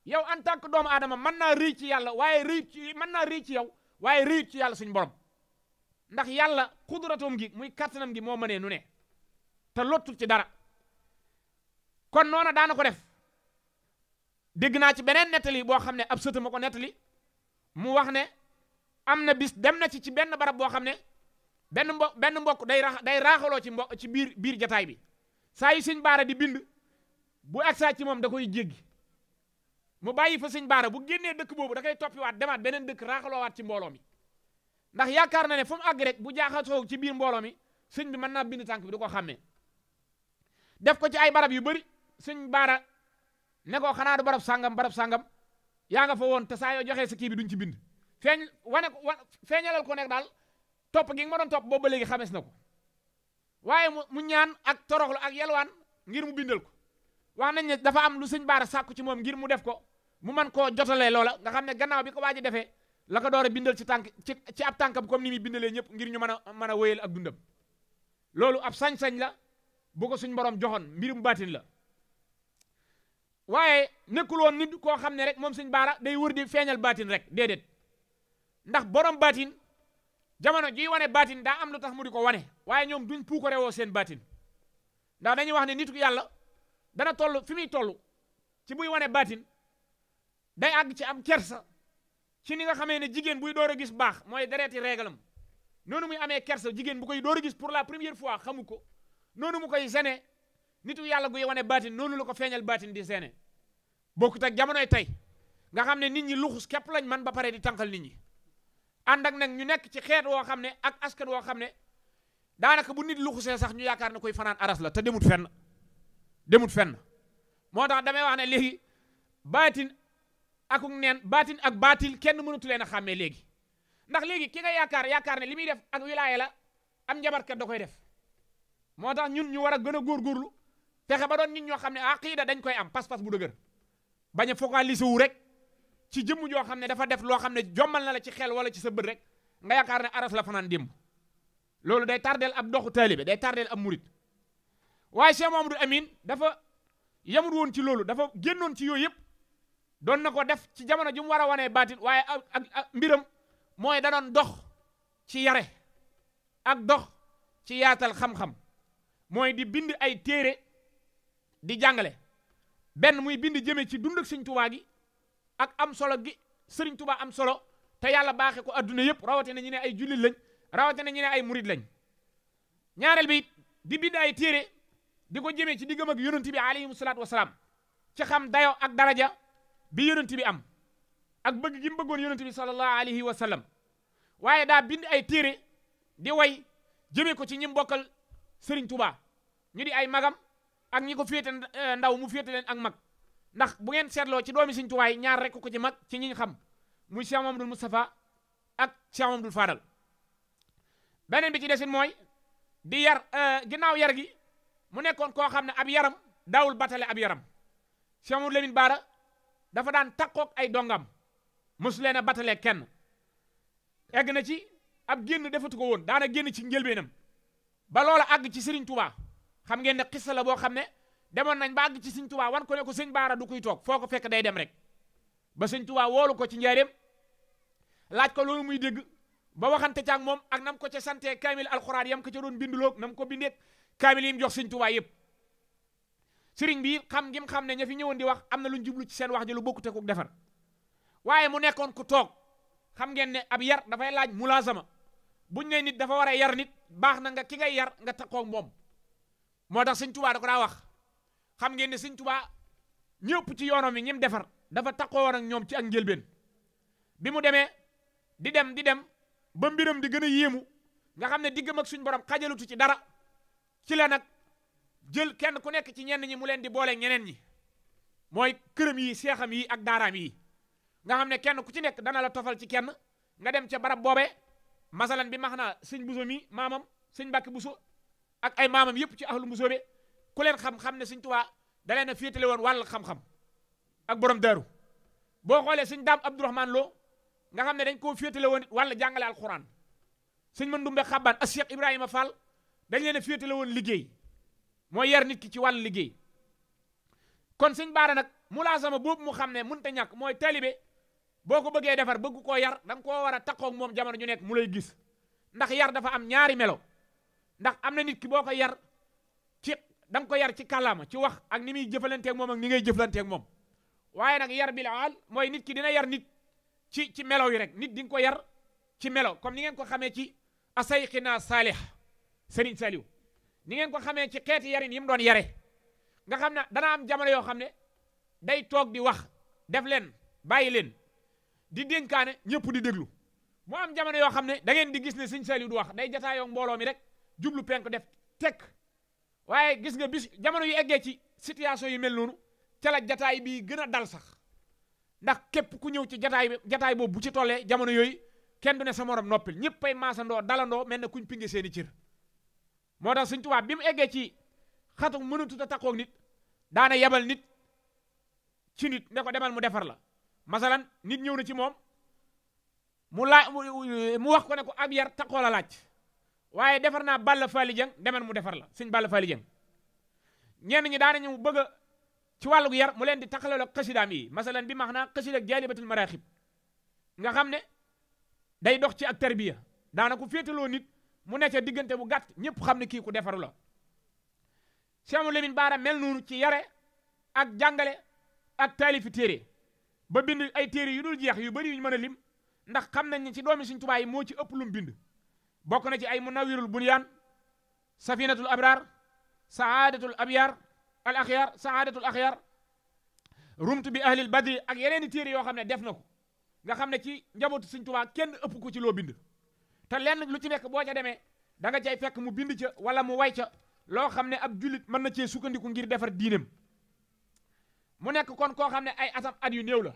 yow en tant que doomu aadama mën naa rëy ci yàlla waaye rëy ci mën naa rëy ci yow waaye rëyut ci yàlla suñu borom ndax yàlla xudratoom gi muy kàttanam gi moo mënee nu ne te lottul ci dara kon noona daana ko def dégg naa ci beneen nettali boo xam ne ab sëta ma ko nettali mu wax ne am na bis dem na ci ci benn barab boo xam ne benn mbo mbokk day rax day raaxaloo ci mbo ci biir biir jataay bi saa yu sëñ baara di bind bu agsaa ci moom da koy jéggi mu bàyyi fa sëñ baara bu génnee dëkk boobu da koy toppiwaat demaat beneen dëkk raaxaloowaat ci mbooloo mi ndax yaakaar na ne fu mu rek bu jaaxasoo ci biir mbooloo mi sëñ bi man naa bind tànk bi du xam xàmmee def ko ci ay barab yu bëri sëñ baara ne ko xanaa du barab sàngam barab sàngam yaa nga fa woon te saa yoo joxee sa kii bi duñ ci bind feeñ wane ko feeñalal ko nekk daal topp gi nga ma doon topp boobu ba léegi xamees na ko waaye mu ñaan ak toroxlu ak yalwaan ngir mu bindal ko wax nañ ne dafa am lu sëñ baara sàkku ci moom ngir mu def ko mu mën koo jotalee loola nga xam ne gannaaw bi ko waaj a defee la ko bindal ci tànk ci ci ab tànkam comme ni muy bindalee ñëpp ngir ñu man a mën a wéyal ak dundam loolu ab sañ-sañ la bu ko suñ borom joxoon mbirum baatin la waaye nekkul woon nit koo xam ne rek moom suñ baara day wër di feeñal baatin rek déedéet ndax borom baatin jamono jii wane baatin daa am lu tax mu di ko wane waaye ñoom duñ puukarewoo seen baatin ndax dañuy wax ne nitu yàlla dana toll fi muy toll ci buy wane baatin day àgg ci am kersa ci ni nga xamee ne jigéen buy door a gis baax mooy dereeti régalam noonu muy amee kersa jigéen bu koy door a gis pour la première fois xamu ko noonu mu koy gêné nitu yàlla guy wane baatin noonu la ko feeñal baatin di gêné bokkut ak jamonoy tey nga xam ne nit ñi luxus képp lañ man ba pare di tànqal nit ñi ànd ak nag ñu nekk ci xeet woo xam ne ak askan woo xam ne daanaka bu nit luxusee sax ñu yaakaar ne koy fanaan aras la te demut fenn demut fenn moo tax damay wax ne léegi baatin ak neen baatin ak baatil kenn mënatu leen a xàmmee léegi ndax léegi ki nga yaakaar yaakaar ne li muy def ak wilaaya la am njabarkat da koy def moo tax ñun ñu war a gën a góorgóorlu fexe ba doon nit ñoo xam ne aqiida dañ koy am pas-pas bu dëgër bañ a focaliser wu rek ci jëmm joo xam ne dafa def loo xam ne jommal na la ci xel wala ci sa bët rek nga yaakaar ne aras la fanaan démb loolu day tardeel ab doxu taalibe day tardeel ab murit waaye Cheikh Mamadou Amine dafa yamul woon ci loolu dafa génnoon ci yooyu yëpp doon na ko def ci jamono ju mu war a wanee baatin waaye ak mbiram mooy da doon dox ci yare ak dox ci yaatal xam-xam mooy di bind ay téere di jàngale benn muy bind jëme ci dund ak sëñ gi ak am solo gi sëriñ tubaa am solo te yàlla baaxe ko adduna yëpp rawatina ñu ne ay jullit lañ rawatina ñu ne ay murit lañ ñaareel bi di bind ay téere di ko jëmee ci diggam ak yonent bi alayhi salaatu wasalaam ci xam dayo ak daraja bi yonent am ak bëgg gi mu bëggoon yonent bi sallallahu alayhi wa sallam waaye daa bind ay téere di way jëmee ko ci ñi mbokkal Serigne Touba ñu di ay magam ak ñi ko féete eh, ndaw mu féete leen ak mag ndax bu ngeen seetloo ci doomi Serigne Touba yi ñaar rek ko ci mag ci ñi xam muy Cheikh Mamadou Moustapha ak Cheikh Mamadou Fadal beneen bi ci desin mooy di yar eh, ginnaaw yar gi. mu nekkoon koo xam ne ab yaram daawul batale ab yaram Cheikh Mamadou Lamine dafa daan takkook ay dongam mosu leen a batale kenn egg na ci ab génn defatu ko woon daana génn ci njëlbeenam ba loola àgg ci Serigne Touba xam ngeen ne xissa la boo xam ne demoon nañ ba àgg ci Serigne Touba wan ko ne ko sëñ Baara du kuy toog foo ko fekk day dem rek ba sëñ Touba woolu ko ci njaareem laaj ko loolu muy dégg ba waxante caag moom ak nam ko ca sante kaamil alxuraan yam ko ca doon binduloog nam ko bindeeg kaamil yi jox sëñ Tuubaa yëpp sëriñ bi xam ngim xam ne ña fi ñëwoon di wax am na lu jublu ci seen wax ji lu bokkute ku defar waaye mu nekkoon ku toog xam ngeen ne ab yar dafay laaj mulaasama buñ ne nit dafa war yar nit baax na nga ki ngay yar nga takkoo moom moo tax sëñ Tuubaa da ko daa wax xam ngeen ne sëñ Tuubaa ñëpp ci yoonam yi ñim defar dafa takkoo woon ak ñoom ci ak njëlbeen bi mu demee di dem di dem ba mbiram di gën a yéemu nga xam ne diggam ak suñ borom xajalutu ci dara ci la nag jël kenn ku nekk ci ñenn ñi mu leen di boole ñeneen ñi mooy këram yi seexam yi ak daaraam yi nga xam ne kenn ku ci nekk dana la tofal ci kenn nga dem ca barab boobe masalan bi max naa sëñ buso mi maamam sëñ mbàkki buso ak ay maamam yëpp ci ahlu buso be ku leen xam-xam ne sëñ tubaa dalee leen féetale woon wall xam-xam ak borom daaru boo xoolee sëñ daam abdourahman loo nga xam ne dañ koo féetale woon wàll jàngale alquran sëñ mandumbe xabbaan ak cheikh ibrahima fall dañ leen a féetale woon liggéey mooy yar nit ki ci wàllu liggéey kon sëñ baara nag mu mulaasama boobu mu xam ne mënta ñàkk mooy taalibe boo ko bëggee defar bëggu koo yar danga nga koo war a taqoog moom jamono ñu nekk mu lay gis ndax yar dafa am ñaari melo ndax am na nit ki boo ko yar ci da ko yar ci kàllaama ci wax ak ni muy jëfalanteeg moom ak ni ngay jëfalanteeg moom waaye nag yar bil aal mooy nit ki dina yar nit ci ci melo yi rek nit di nga ko yar ci melow comme ni ngeen ko xamee ci asayqina saalih Serigne Saliou ni ngeen ko xamee ci xeeti yarin yi mu doon yare nga xam ne dana am jamono yoo xam ne day toog di wax def leen bàyyi leen di dénkaane ñëpp di déglu mu am jamono yoo xam ne da ngeen di gis ne Serigne Saliou du wax day jataayoo mbooloo mi rek jublu penk def tekk waaye gis nga bis jamono yi eggee ci situation yu mel noonu cala jataay bi gën a dal sax ndax képp ku ñëw ci jataay bi jataay boobu bu ci tollee jamono yooyu kenn du ne sa morom noppil ñëppay maasandoo dalandoo mel ne kuñ pinge seeni cër moo tax Sëñ Tuubaa bi mu eggee ci xatu mënatut a takkoog nit daana yebal nit ci nit ne ko demal mu defar la masalan nit ñëw na ci moom mu laa mu wax ko ne ko ab yar takkoo la laaj waaye defar naa Balla Fally Dieng demal mu defar la sëñ Balla Fally Dieng ñenn ñi daana ñu bëgg a ci wàllug yar mu leen di taxalal ak xasidaam yi masalan bi max naa xasida ak jaalibatul maraaxib nga xam ne day dox ci ak tarbiya daana ku féetaloo nit mu ne diggante bu gàtt ñëpp xam ne kii ku defaru la Cheikh Amadou Lamine Bara mel noonu ci yare ak jàngale ak taalifi téere ba bind ay téere yu dul jeex yu bari yuñu a lim ndax xam nañ ne ci doomi Sëriñ Tuubaa yi moo ci ëpp lum bind bokk na ci ay munawirul bunyaan safinatul abraar saadatul abyaar al axyaar saadatul axyaar rumtu bi ahlil badri ak yeneen i téere yoo xam ne def na ko nga xam ne ci njabootu Sëriñ Tuubaa kenn ëpp ko ci loo bind te lenn lu ci nekk boo ca demee danga nga cay fekk mu bind ca wala mu way ca loo xam ne ab jullit mën na cee sukkandiku ngir defar diinem mu nekk kon koo xam ne ay atam at yu néew la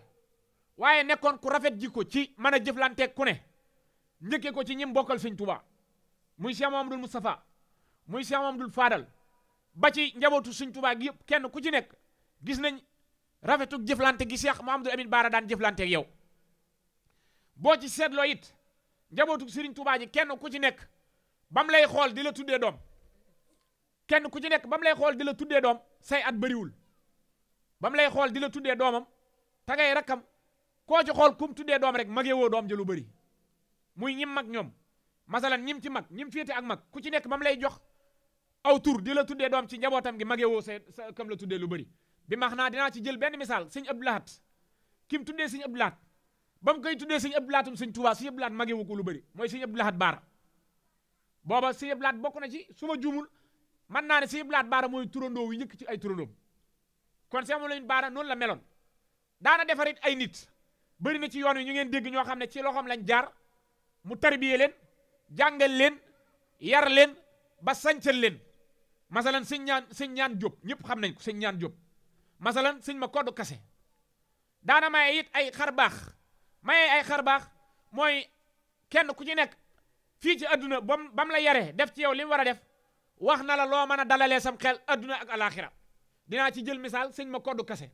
waaye nekkoon ku rafet jikko ci mën a jëflanteeg ku ne njëkkee ko ci ñim bokkal sëñ Tuubaa muy Cheikh Mamadou Moustapha muy Cheikh Mamadou Fadal ba ci njabootu sëñ tubaa yëpp kenn ku ci nekk gis nañ rafetuk jëflante gi Cheikh Mamadou Amin Baara daan jëflanteeg yow boo ci seetloo it njabootu Serigne Touba ji kenn ku ci nekk ba lay xool di la tuddee doom kenn ku ci nekk ba lay xool di la tuddee doom say at bëriwul bam lay xool di la tuddee doomam te ngay rakkam koo ci xool ku mu tuddee doom rek magee woo doom ja lu bëri muy ñim mag ñoom masalan ñim ci mag ñim féete ak mag ku ci nekk ba lay jox aw tur di la tuddee doom ci njabootam gi magee woo say kam la tuddee lu bëri bi max naa dinaa ci jël benn misaal sëñ Abdou Lahat ki tuddee sëñ Abdou Lahat ba mu koy tuddee siñ Abdou Lahad sëñ Touba sëñ Abdou Lahad magewu ko lu bëri mooy sëñ Abdou Lahad Baara booba sëñ Abdou Lahad bokk na ci su ma juumul mën naa ne sëñ Abdou Lahad Baara mooy turandoo wu njëkk ci ay turandoom kon sëñ Abdou Lahad Baara noonu la meloon daana defar it ay nit bëri na ci yoon wi ñu ngeen dégg ñoo xam ne ci loxoom lañ jaar mu tarbiyee leen jàngal leen yar leen ba sancal leen masalan sëñ ñaan sëñ ñaan Jóob ñëpp xam nañ ko sëñ ñaan Jóob masalan sëñ ma koddu kase daana maye it ay xar maye ay xar baax mooy kenn ku ci nekk fii ci adduna bam bam la yaree def ci yow li mu war a def wax na la loo mën a dalalee sam xel adduna ak alaxira dinaa ci jël misaal sëñ ma koddu kase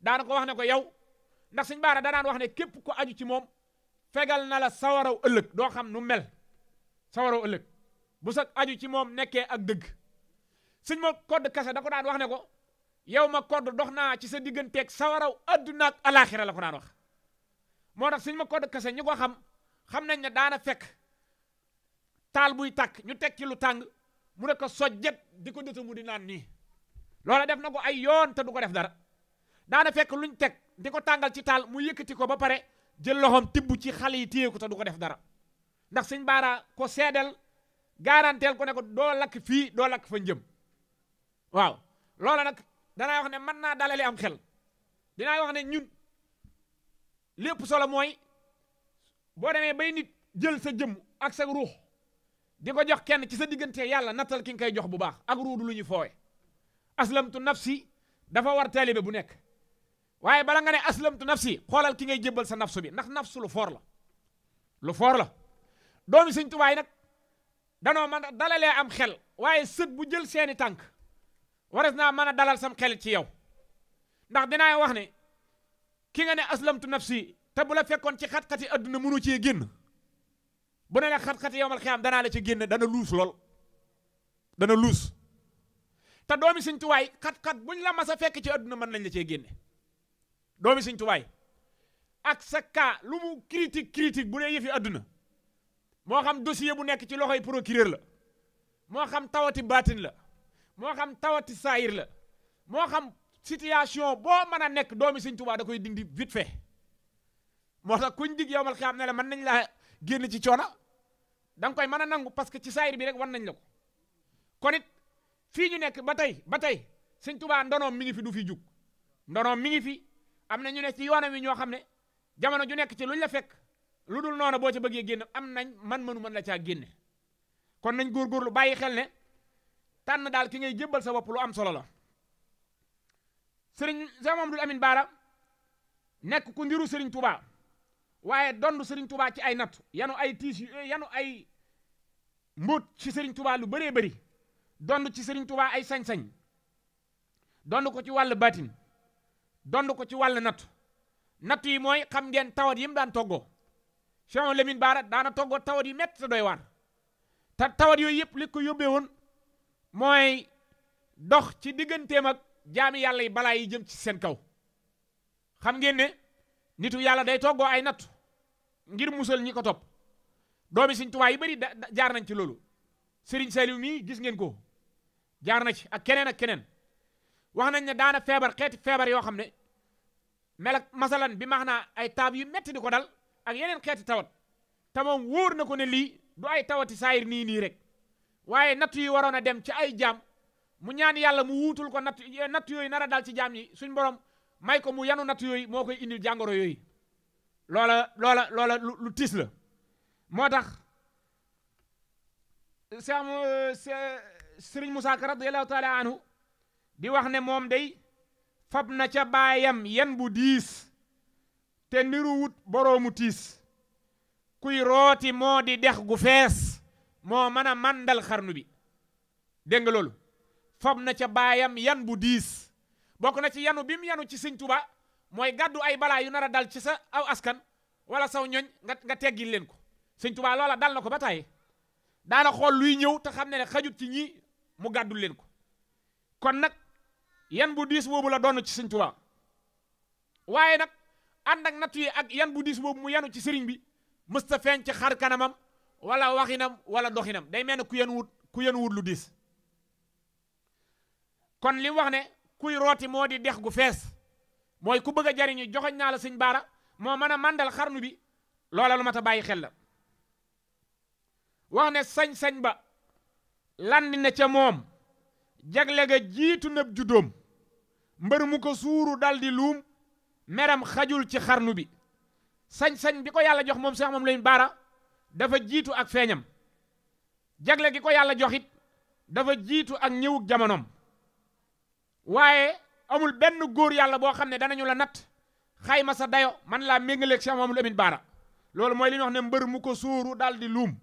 daana ko wax ne ko yow ndax sëñ baara danaan wax ne képp ko aju ci moom fegal na la sawaraw ëllëg doo xam nu mel sawaraw ëllëg bu sa aju ci moom nekkee ak dëgg sëñ ma kodd kase da ko daan wax ne ko yow ma kodd dox naa ci sa digganteek sawaraw adduna ak la ko daan wax moo tax suñ ma kodd kase ñu ko xam xam nañ ne daana fekk taal buy takk ñu teg ci lu tàng mu nekk ko sojjet di ko dëtu mu di naan nii loola def na ko ay yoon te du ko def dara daana fekk luñ teg di ko tàngal ci taal mu yëkkati ko ba pare jël loxoom tibb ci xale yi téye ko te du ko def dara ndax sëñ baara ko seedel garanteel ko ne ko doo lakk fii doo lakk fa njëm waaw loola nag danaa wax ne mën naa dalale am xel dinaa wax ne ñun lépp solo mooy boo demee bay nit jël sa jëmm ak sa ruux di ko jox kenn ci sa diggante yàlla nattal ki nga koy jox bu baax ak ruudu lu ñu foowe aslamtu nafsi dafa war taalibe bu nekk waaye bala nga ne aslamtu nafsi xoolal ki ngay jébbal sa nafsu bi ndax nafsu lu foor la lu foor la doomi sëñ tubaay nag danoo mën a dalalee am xel waaye sët bu jël seeni tànk waras naa mën a dalal sam xel ci yow ndax dinaa wax ne ki nga ne aslamtu nafsi te bu la fekkoon ci xat-xati adduna mënu cee génn bu ne la xat-xati yowmal xiyaam danaa la ci génne dana luus lool dana luus te doomi Sëñ Tuubaa xat-xat buñ la mas a fekk ci adduna mën nañ la cee génne doomi Sëñ Tuubaa ak sa cas lu mu critique critique bu dee yëfi adduna moo xam dossier bu nekk ci loxo yi procureur la moo xam tawati baatin la moo xam tawati saayir la moo xam situation boo mën a nekk doomi sëñ Tuubaa da koy dindi vite fait moo tax kuñ dig yow mal xiyaam ne la mën nañ laa génn ci coona danga koy mën a nangu parce que ci saayir bi rek wan nañ la ko kon it fii ñu nekk ba tey ba tey sëñ tubaa ndonoom mi ngi fi du fi jug ndonoom mi ngi fi am na ñu ne ci yoonam wi ñoo xam ne jamono ju nekk ci luñ la fekk lu dul noonu boo ci bëggee génn am nañ man mënu mën la caa génne kon nañ góorgóorlu bàyyi xel ne tànn daal ki ngay jébbal sa bopp lu am solo la sëriñ Cheikh Mamadou Amine Baara nekk ku ndiru sëriñ Touba waaye dondu sëriñ Touba ci ay nattu yanu ay tiis eh, yanu ay mbóot ci sëriñ Touba lu bëree bëri dondu ci sëriñ Touba ay sañ-sañ dondu ko ci wàll baatin dondu ko ci wàll nattu nattu yi mooy xam ngeen tawat yi mu daan toggoo Cheikh Mamadou Baara daana toggoo tawat yi métti te doy waar te tawat yooyu yëpp li ko yóbbee woon mooy dox ci digganteem ak jaami yàlla yi balaa yi jëm ci seen kaw xam ngeen ne nitu yàlla day toggoo ay natt ngir musal ñi ko topp doomi Sëriñ Tuubaa yi bëri jaar nañ ci loolu Sëriñ Saliou mii gis ngeen ko jaar na ci ak keneen ak keneen wax nañ ne daana feebar xeeti feebar yoo xam ne mel ak masalan bi max naa ay taab yu metti di ko dal ak yeneen xeeti tawat te moom wóor na ko ne lii du ay tawati saayir nii nii rek waaye natt yi waroon a dem ci ay jaam mu ñaan yàlla mu wuutul ko natt eh, natt yooyu nara a ci jaam yi suñ borom may ko mu yanu natt yooyu moo koy indil jàngoro yooyu loola loola loola lu tiis la moo tax sam sëriñ Moussa Ka radiyallahu taala anhu di wax ne moom dey fab na ca baayam yan bu diis te wut boroomu tiis kuy rooti moo di dex gu fees moo mën a màndal xarnu bi dégg nga loolu fab na ca baayam yan bu diis bokk na ci yanu bi mu yanu ci sëñtubaa mooy gàddu ay balaa yu nar a dal ci sa aw askan wala saw ñoñ nga nga teggil leen ko sëñ loola dal na ko ba tàyyi daana xool luy ñëw te xam ne ne xajut ci ñii mu gàddul leen ko kon nag yan bu diis boobu la doon ci sëñ waaye nag ànd ak nattu yi ak yan bu diis boobu mu yanu ci sëriñ bi mësta feeñ ci xar kanamam wala waxinam wala doxinam day mel ne ku yan wut ku yan wut lu diis kon li wax ne kuy rooti moo di dex gu fees mooy ku bëgg a jariñu joxoñ naa la sëñ baara moo mën a màndal xarnu bi loola lu mat a bàyyi xel la wax ne sañ-sañ ba landi na ca moom jagle ga jiitu nab juddoom mbër mu ko suuru daldi luum meram xajul ci xarnu bi sëñ sañ bi ko yàlla jox moom Cheikh moom lañ baara dafa jiitu ak feeñam jagle gi ko yàlla joxit dafa jiitu ak ñëwug jamonoom waaye amul benn góor yàlla boo xam ne danañu la natt xayma sa dayo man laa méngaleeg Cheikh Mamadou Lamine Bara loolu mooy li ñuy wax ne mbër mu ko suuru daal di luum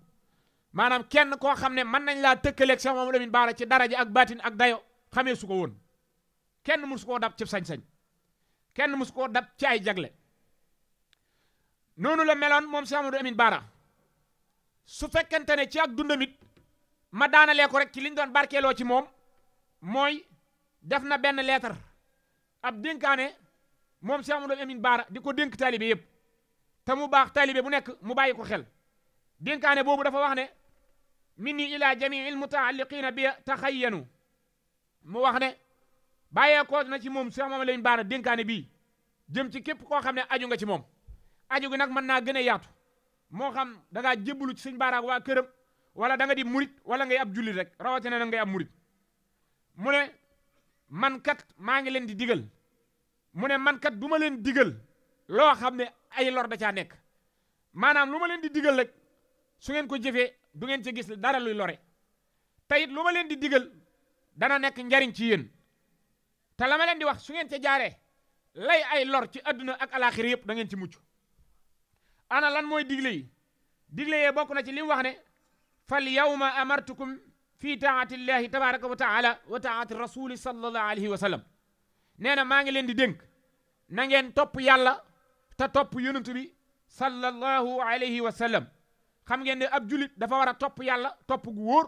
maanaam kenn koo xam ne mën nañ laa tëkkaleeg Cheikh Mamadou Lamine Bara ci daraja ak baatin ak dayo xamee su ko woon kenn mësu koo dab ci sañ kenn mësu koo dab ci ay jagle noonu la meloon moom Cheikh Mamadou Lamine Bara su fekkente ne ci ak dundamit ma daanalee ko rek ci liñ doon barkeeloo ci moom mooy def na benn leetar ab dénkaane moom Cheikh Amadou Amin Baara di ko dénk taalibe yëpp te mu baax taalibe bu nekk mu bàyyi ko xel dénkaane boobu dafa wax ne minni ila jamii almutaalliqiina bi taxayyanu mu wax ne bàyyee koo na ci moom Cheikh Amadou Amin Baara dénkaane bii jëm ci képp koo xam ne aju nga ci moom aju gi nag mën naa gën a yaatu moo xam da ngaa jébbalu ci sëñ Baara waa këram wala da nga di murit wala ngay ab jullit rek rawatina na ngay ab murit man kat maa ngi leen di digal mu ne man kat du ma leen digal loo xam ne ay lor da caa nekk maanaam lu ma leen di digal rek su ngeen ko jëfee du ngeen ci gis dara luy lore te it ma leen di digal dana nekk njariñ ci yéen te la ma leen di wax su ngeen ca jaaree lay ay lor ci àdduna ak alaaxira yëpp da ngeen ci mucc ana lan mooy digle yi digle bokk na ci li wax ne fal yawma amartukum fii taati llahi tabaraka wa taala wa taati rasuli sallallahu alayhi wa sallam nee na maa ngi leen di dénk na ngeen topp yàlla te topp yonent bi sallallahu alayhi wa sallam xam ngeen ne ab julit dafa war a topp yàlla topp gu wóor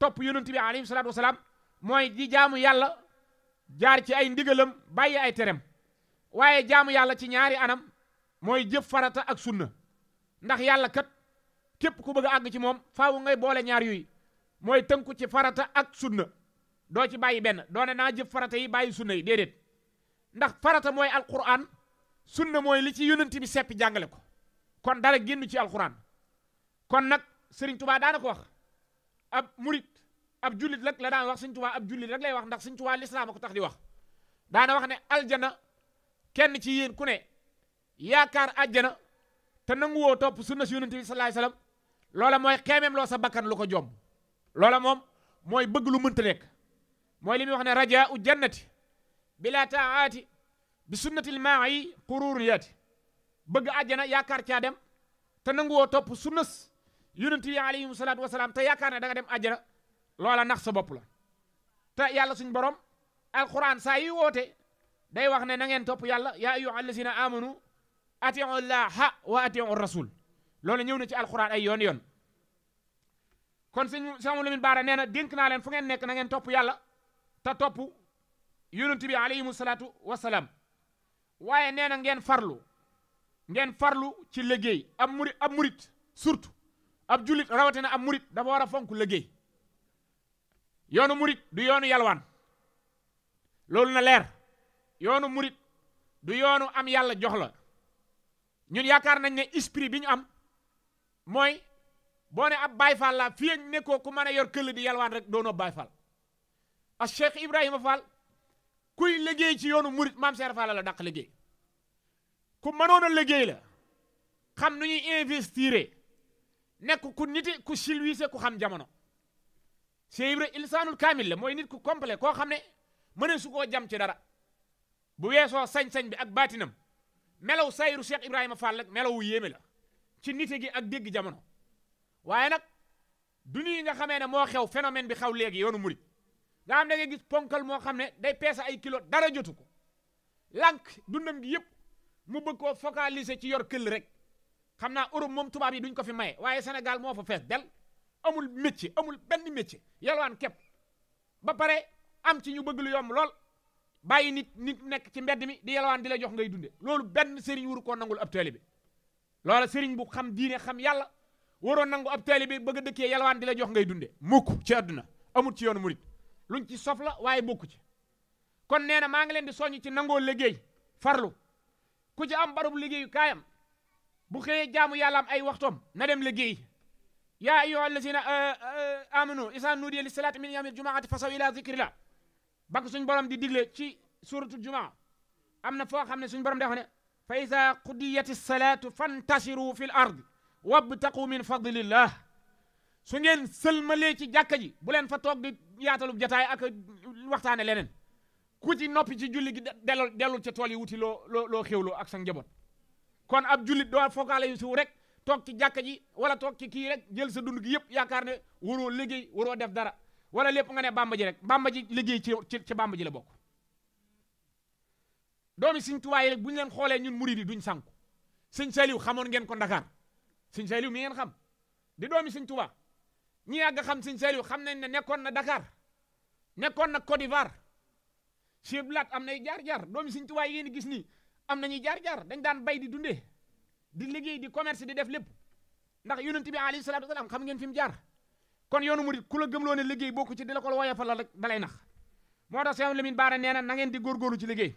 topp yonent bi alayhi salaam mooy di jaamu yàlla jaar ci ay ndigalam bàyyi ay terem waaye jaamu yàlla ci ñaari anam mooy jëf farata ak sunna ndax yàlla kat képp ku bëgg a àgg ci moom faawu ngay boole ñaar yooyu mooy tënku ci farata ak sunna doo ci bàyyi benn doone naa jëf farata yi bàyyi sunna yi déedéet ndax farata mooy alquran sunna mooy li ci yonent bi seppi jàngale ko kon dara génn ci alquran kon nag sëriñ tubaa daana ko wax ab murit ab jullit rek la daan wax sëriñ tubaa ab jullit rek lay wax ndax sëriñ tubaa lislaam ko tax di wax daana wax ne aljana kenn ci yéen ku ne yaakaar aljana te nanguwoo topp sunna si yonent bi sallallahu alayhi wasallam loola mooy loo sa bakkan lu ko jom loola moom mooy bëgg lu mënta nekk mooy li muy wax ne rajaa u jannati bila taaati bi sunnatil maa yi quruurun yaati bëgg àjjana yaakaar caa dem te nanguwoo topp sunnas yonent yi alayhim salaatu wasalaam te yaakaar ne da dem àjjana loola nax sa bopp la te yàlla suñ borom alquran saa yi woote day wax ne na ngeen topp yàlla yaa ayyuha allazina amanu atiu llaha wa atiu rasul loolu ñëw na ci alquran ay yoon yoon kon sëñ sama Lamine Baara nee na dénk naa leen fu ngeen nekk na topp yàlla te topp yonent bi alayhimu salaatu wasalaam waaye nee na ngeen farlu ngeen farlu ci liggéey ab murit ab murit surtout ab jullit rawatina ab murit dafa war a fonk liggéey yoonu murit du yoonu yalwaan loolu na leer yoonu murit du yoonu am yàlla jox la ñun yaakaar nañ ne esprit biñ am mooy boo ne ab Baay Faal la fii ak nekkoo ku mën yor këll di yalwaan rek doonoo Baay Faal ak Cheikh Ibrahima Fall kuy liggéey ci yoonu murit maam Seer Fall la dàq liggéey ku mënoon a liggéey la xam nu ñuy investir nekk ku nite ku silwiise ku xam jamono Cheikh Ibra ilsaanul kaamil la mooy nit ku complet koo xam ne mëne su koo jam ci dara bu weesoo sañ-sañ bi ak baatinam melaw sayiru Cheikh Ibrahima Fall rek melawu yéeme la ci nite gi ak dégg jamono waaye nag du nii nga xamee ne moo xew phénomène bi xaw léegi yoonu murit nga xam ne nga gis ponkal moo xam ne day peese ay kilo dara jotu ko lànk dundam gi yëpp mu bëgg koo focaliser ci yor këll rek xam naa Europe moom tubaab yi duñ ko fi maye waaye Sénégal moo fa fees del amul métier amul benn métier yalwaan képp ba pare am ci ñu bëgg lu yomb lool bàyyi nit nit nekk ci mbedd mi di yalwaan di la jox ngay dunde loolu benn sëriñ wuru ko nangul ab bi loola sëriñ bu xam diine xam yàlla waroo nangu ab taalibe bi bëgg a dëkkee yalwaan di la jox ngay dunde mukk ci àdduna amut ci yoon murit luñ ci sof la waaye bokku ci kon nee na maa ngi leen di soññ ci nangoo liggéey farlu ku ci am barub liggéeyu kaayam bu xëyee jaamu yàlla am ay waxtoom na dem liggéey yaa ayyuha allazina uh, uh, amanu isa nudiya li salaati min yawmil jumaati fasaw ila zikrillah bakk suñ borom di digle ci suratul jumaa am na foo xam ne suñ borom def ne fa isa qudiyati salaatu fantasiru fil ard wabtaqu min fadlillah su ngeen sëlmalee ci jàkka ji bu leen fa toog di yaatalub jataay ak waxtaane leneen ku ci noppi ci julli gi dellul dellul ca tool yi wuti loo loo xewloo ak sa njaboot kon ab jullit doo fokaale yu rek toog ci jàkka ji wala toog ci kii rek jël sa dund gi yëpp yaakaar ne waroo liggéey waroo def dara wala lépp nga ne bàmba ji rek bàmba ji liggéey ci ci ci bàmba ji la bokk doomi Sëñ Tuubaa rek bu ñu leen xoolee ñun murid yi duñ sànku Sëñ Saliou xamoon ngeen ko Ndakaar sëñ Saliou mi ngeen xam di doomi sëñ Touba ñi yàgg xam sëñ Saliou xam ne ne nekkoon na Dakar nekkoon na Côte d'Ivoire Cheikh Blaat am nay jaar-jaar doomi sëñ Touba yi ngeen gis nii am nañu jaar-jaar dañ daan bay di dundee di liggéey di commerce di def lépp ndax yonent bi alayhi salaatu wasalaam xam ngeen fi mu jaar kon yoonu murid ku la gëmloo ne liggéey bokku ci di la ko waya fa la rek dalay nax moo tax Cheikh Lamine Bara nee na na ngeen di góorgóorlu ci liggéey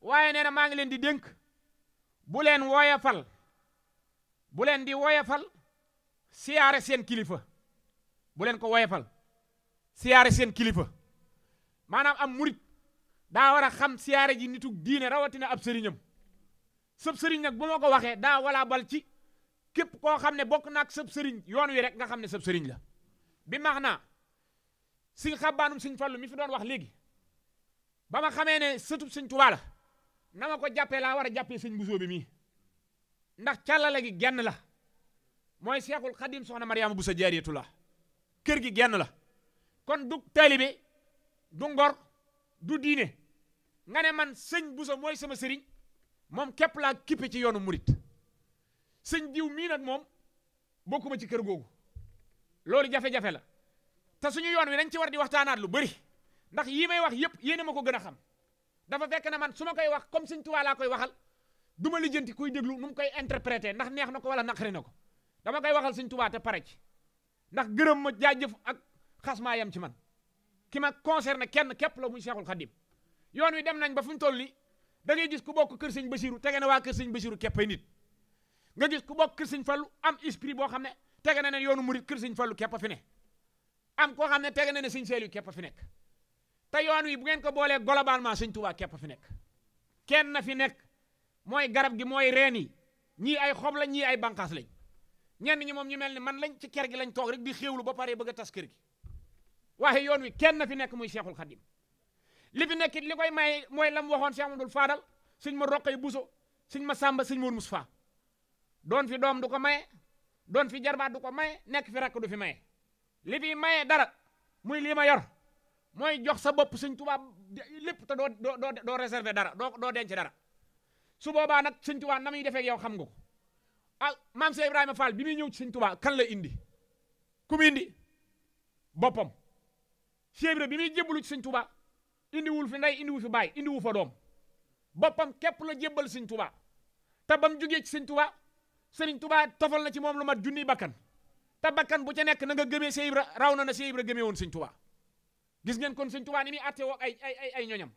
waaye nee na maa ngi leen di dénk bu leen wooyafal bu leen di woyefal siyaare seen kilifa bu leen ko woyefal siyaare seen kilifa maanaam am murit daa war a xam siyaare ji nitu diine rawatina ab sëriñam sëb sëriñ nag ba ma ko waxee daa wala bal ci képp koo xam ne bokk naag sëb sëriñ yoon wi rek nga xam ne sëb sëriñ la bi max naa siñ xabbaanum siñ fallu mi fi doon wax léegi ba ma xamee ne sëtub sëñ Tuubaa na ma ko jàppee laa war jàppee sëñ Buso bi mii ndax càllale gi genn la mooy seexul xadim soxna Mariama bu sa jaariyatu la kër gi genn la kon du taalibe du ngor du diine nga ne man sëñ bu sa mooy sama sëriñ moom képp laa kippe ci yoonu murit sëñ diw mii nag moom bokkuma ci kër googu loolu jafe-jafe la te suñu yoon wi dañ ci war di waxtaanaat lu bari ndax yii may wax yépp yéen a ma ko gën a xam dafa fekk na man su ma koy wax comme sëñ Tuubaa laa koy waxal duma ma lijjanti kuy déglu nu mu koy interpréter ndax neex na ko wala naqari na ko dama koy waxal Sëñ Tuubaa te ci ndax gërëm ma jaajëf ak xas maa yem ci man ki ma concerné kenn képp la muy Seexul Xadim yoon wi dem nañ ba fu ñu toll nii da gis ku bokk kër Sëñ Basiru tege na waa kër Sëñ Basiru képpay nit nga gis ku bokk kër Sëñ Fallu am esprit boo xam ne tege na ne yoonu murit kër Sëñ Fallu képp a fi ne am koo xam ne tege na ne Sëñ Seelu képp a fi nekk te yoon wi bu ngeen ko boolee globalement Sëñ Tuubaa képp a fi nekk kenn na fi nekk mooy garab gi mooy reen yi ñii ay xob lañ ñii ay banqaas lañ ñenn ñi moom ñi mel ni man lañ ci ker gi lañ toog rek di xéewlu ba pare bëgg a tas kër gi waaye yoon wi kenn fi nekk muy Cheikhul Khadim li fi nekkit li koy may mooy la mu waxoon Cheikh Amadou Fadal suñ ma roqee buso suñ ma sàmba suñ Mour Moustapha doon fi doom du ko maye doon fi jarbaat du ko maye nekk fi rakk du fi maye li fi maye dara muy lii ma yor mooy jox sa bopp suñ tubaab lépp te doo doo doo réserver dara doo doo denc dara. su boobaa nag sëñ tubaa na muy defee yow xam nga ko ah maam Cheikh Ibrahima Fall bi muy ñëw ci sëñ tubaa kan la indi ku indi boppam Cheikh bi muy jébbalu ci sëñ tubaa indiwul fi ndey indiwu fi baay indiwu fa doom boppam képp la jébbal sëñ tubaa te ba mu jógee ci sëñ tubaa sëriñ tubaa tofal na ci moom lu mat junniy bakkan te bakkan bu ca nekk na nga gëmee Cheikh raw na na Cheikh Ibra gëmee woon sëñ tubaa gis ngeen kon sëñ tubaa ni muy àtte woo ay ay ay ñoñam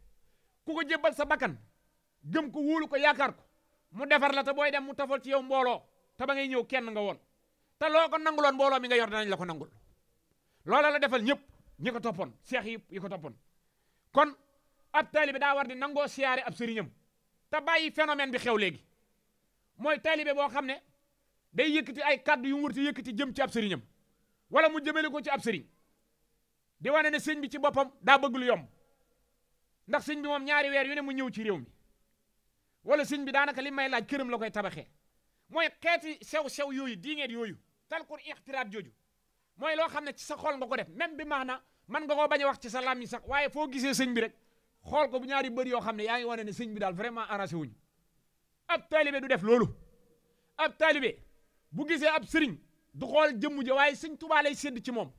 ku ko jébbal sa bakkan gëm ko wóolu ko yaakaar ko mu defar la te booy dem mu tafal ci yow mbooloo te ba ngay ñëw kenn nga woon te loo ko nanguloon mbooloo mi nga yor danañ la ko nangul loola la defal ñëpp ñi ko toppoon seex yi yi ko toppoon kon ab taalibe daa war di nangoo siyaare ab sëriñam te bàyyi phénomène bi xew léegi mooy taalibe boo xam ne day yëkkati ay kàddu yu mu wërti yëkkati jëm ci ab sëriñam wala mu jëmale ko ci ab sëriñ di wane ne sëñ bi ci boppam daa bëgg lu ndax sëñ bi moom ñaari weer yu ne mu ñëw ci réew mi wala sëñ bi daanaka li may laaj këram la koy tabaxee mooy xeeti sew-sew yooyu diingeet yooyu talkul ixtiraat jooju mooy loo xam ne ci sa xool nga ko def même bi max na man nga ko bañ a wax ca sa làmmiñ sax waaye foo gisee sëñ bi rek xool ko bu ñaari bëri yoo xam ne yaa ngi wane ne sëñ bi daal vraiment arrangé wuñu ab taalibe du def loolu ab taalibe bu gisee ab sëriñ du xool jëmm ja waaye sëñ Tuubaa lay sédd ci moom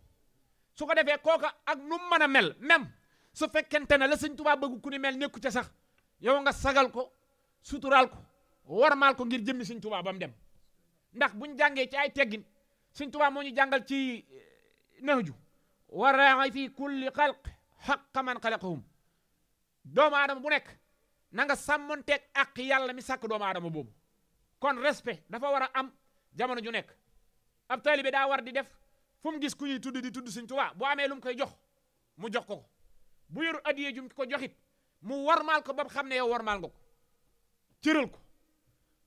su ko defee kooka ak nu mën a mel même su fekkente ne la sëñ Tuubaa bëgg ku nekku ca sax yow nga sagal ko suturaal ko warmaal ko ngir jëmmi Sëñ Tuubaa ba mu dem ndax bu ñu jàngee ci ay teggin Sëñ Tuubaa moo jàngal ci eh, nahju warai fi kulli xalq xaqa man xalaqahum doomu aadama bu nekk na nga teg ak yàlla mi sàkk doomu aadama boobu kon respect dafa war a am jamono ju nekk ab taalibe daa war di def fu mu gis ku ñuy tudd di tudd Sëñ Tuubaa bu amee lu mu koy jox mu jox ko ko bu yoru adiyee jum ko joxit mu warmaal ko ba xam ne yow warmaal nga ko cëral ko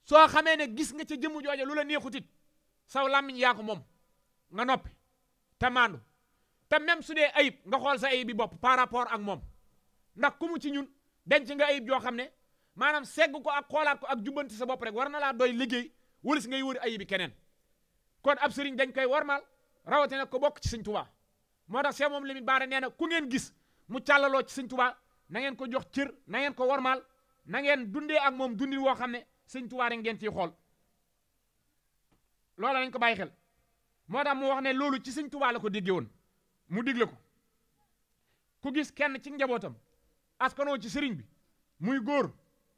soo xamee ne gis nga ca jëmm jooja lu la neexutit saw làmmiñ yaa moom nga noppi te maandu te même su dee ayib nga xool sa ayib bi bopp par rapport ak moom ndax ku mu ci ñun denc nga ayib joo xam ne maanaam segg ko ak xoolaat ko ak jubbanti sa bopp rek war na laa doy liggéey wëris ngay wëri ayibi keneen kon ab sëriñ dañ koy warmaal rawatina ko bokk ci sëñ tubaa moo tax see moom limit baare nee na ku ngeen gis mu càllaloo ci sëñ tubaa na ngeen ko jox cër na ngeen ko warmaal nangeen ngeen ak moom dundin woo xam ne sëñ Tuubaa rek ngeen ciy xool loola nañ ko bàyyi xel moo tax mu wax ne loolu ci sëñ Tuubaa ko déggee woon mu digle ko ku gis kenn ci njabootam askanoo ci sëriñ bi muy góor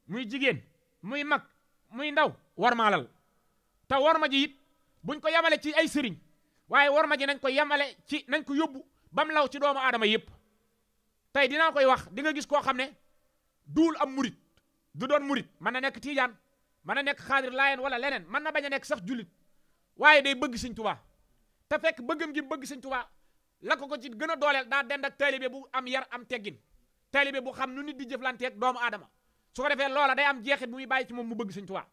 muy jigéen muy mag muy ndaw war maalal te war ma ji it buñ ko yemale ci ay sëriñ waaye war ma ji nañ ko yemale ci nañ ko yóbbu bam law ci doomu aadama yëpp tey dinaa koy wax di nga gis koo xam ne duul am murit du doon murit mën na nekk tiijaan mën na nekk xaadir laayeen wala leneen mën na bañ a nekk sax jullit waaye day bëgg sëñ tubaa te fekk bëggam gi bëgg sëñ tubaa la ko ko ci gën a dooleel daa dend ak taalibe bu am yar am teggin taalibe bu xam nu nit di jëflanteeg doomu aadama su ko defee day am jeexit bu muy bàyyi ci moom mu bëgg sëñ tubaa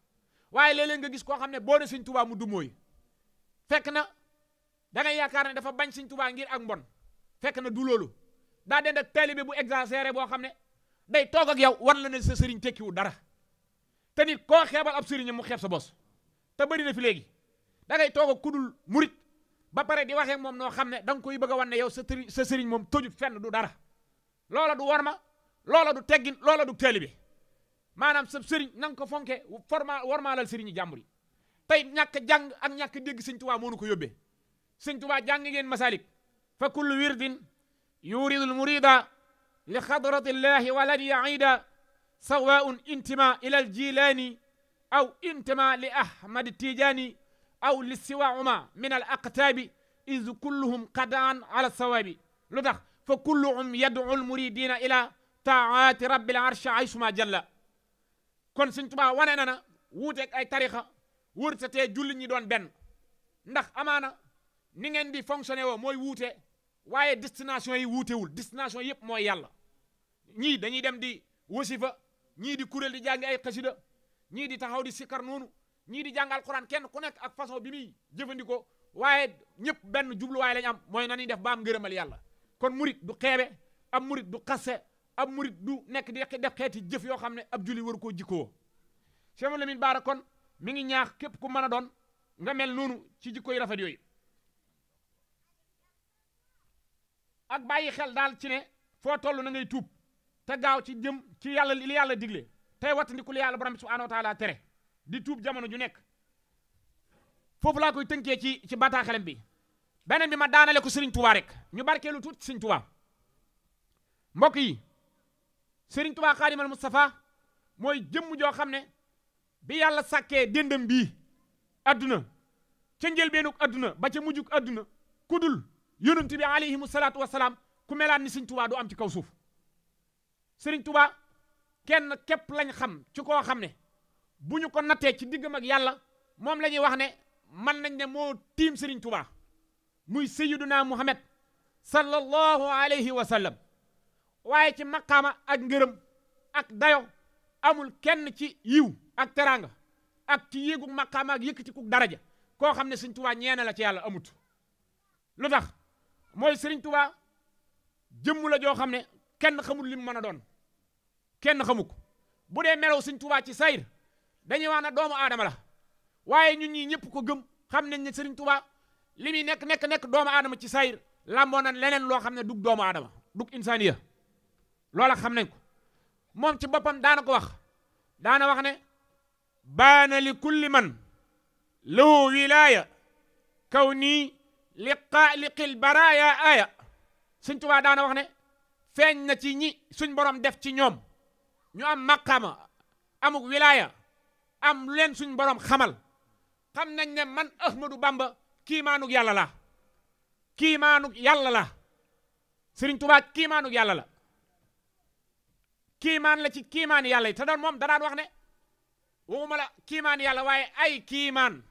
waaye léeg-léeg gis koo xam ne boo ne sëñ tubaa mu dumóoy fekk na da yaakaar ne dafa bañ sëñ tubaa ngir ak mbon fekk na du loolu daa dend ak taalibe bu exagéré boo xam ne day toog ak yow wan la sa sëriñ tekkiwu dara te nit koo xeebal ab sëriñ mu xeeb sa bos te bari na fi léegi da ngay toog ak kudul murit ba pare di waxee moom noo xam ne da nga koy bëgg a wan ne yow sa sëriñ sa moom tojut fen du dara loola du warma loola du teggin loola du taalibe maanaam sa sëriñ na nga ko fonke forma warmaalal sëriñu jàmbur yi tey ñàkk jàng ak ñàkk dégg sëñ tubaa moo nu ko yóbbee sëñ tubaa jàng ngeen masalik fa kullu wirdin yuridul murida li xadrati llahi walan yaida sawaun intima ila aljilaani aw intima li ahmad tijaani aw li siwauma min al aqtaabi is qadaan ala sawaabi lu tax fa kulluhum yadu almuridina ila taati rabbil arshi aysuma jalla kon Sëñ Tuubaa wane na na wuuteeg ay tarixa wërtatee jullit ñi doon benn ndax amaana ni ngeen di fonctionné woo mooy wuute waaye destination yi wuutewul destination yëpp mooy yàlla ñii dañuy dem di wasifa ñii di kuréel di jàngi ay xasida ñii di taxaw di sikkar noonu ñii di jàng alquran kenn ku nekk ak façon bi muy jëfandikoo waaye ñëpp benn jubluwaay lañ am mooy na def ba am ngërëmal yàlla kon murit du xeebe ab murit du xasse ab murit du nekk di def xeeti jëf yoo xam ne ab julli war koo jikkoo Cheikh min Bara kon mi ngi ñaax képp ku mën a doon nga mel noonu ci jikko yu rafet yooyu ak bàyyi xel daal ci ne foo toll na ngay tuub te gaaw ci jëm ci yàlla li yàlla digle tey wattandiku li yàlla borom bi subhaanahu wa tere di tuub jamono ju nekk foofu laa koy tënkee ci ci bataaxalam bi beneen bi ma daanale ko Serigne Touba rek ñu barkeelu tuuti Serigne Touba mbokk yi Serigne Touba Xaadimal Moustapha mooy jëmm joo xam ne bi yàlla sàkkee dëndëm bii adduna ca njëlbeenug adduna ba ca mujjug adduna kudul yonent bi alayhimu salaatu wasalaam ku melaan ni Serigne Touba du am ci kaw suuf sëriñ Touba kenn képp lañ xam ci koo xam ne bu ñu ko nattee ci digg mag yàlla moom la ñuy wax ne man nañ ne moo tiim sëriñ Touba muy sayyiduna Muhammad sallallahu alayhi wa sallam waaye ci maqaama ak ngërëm ak dayo amul kenn ci yiw ak teraanga ak ci yéegu maqaama ak yëkkatiku daraja koo xam ne sëriñ Touba ñeena la ci yàlla amut lu tax mooy sëriñ Touba jëmm joo xam ne kenn xamul lim mën a doon kenn xamu ko bu dee melow sëñ Tuubaa ci sayr dañuy wax na doomu aadama la waaye ñun ñii ñëpp ko gëm xam nañ ne sëriñ Tuubaa li muy nekk nekk nekk doomu aadama ci sayr lamboo leneen loo xam ne dug doomu aadama dug insaaniya loola xam nañ ko moom ci boppam daana ko wax daana wax ne baana li kulli man lahu wilaaya kaw nii liqa liqil baraaya aaya sëñ daana wax ne feeñ na ci ñi suñ borom def ci ñoom ñu am maqama amuk wilaaya am leen suñ borom xamal xam nañ ne man Ahmadou Bamba kiimaanug yàlla la kiimaanug yàlla la Sëriñ Tuubaa kiimaanug yàlla la kiimaan la ci kiimaani yàlla yi te doon moom danaan wax ne waxuma la kiimaani yàlla waaye ay kiimaan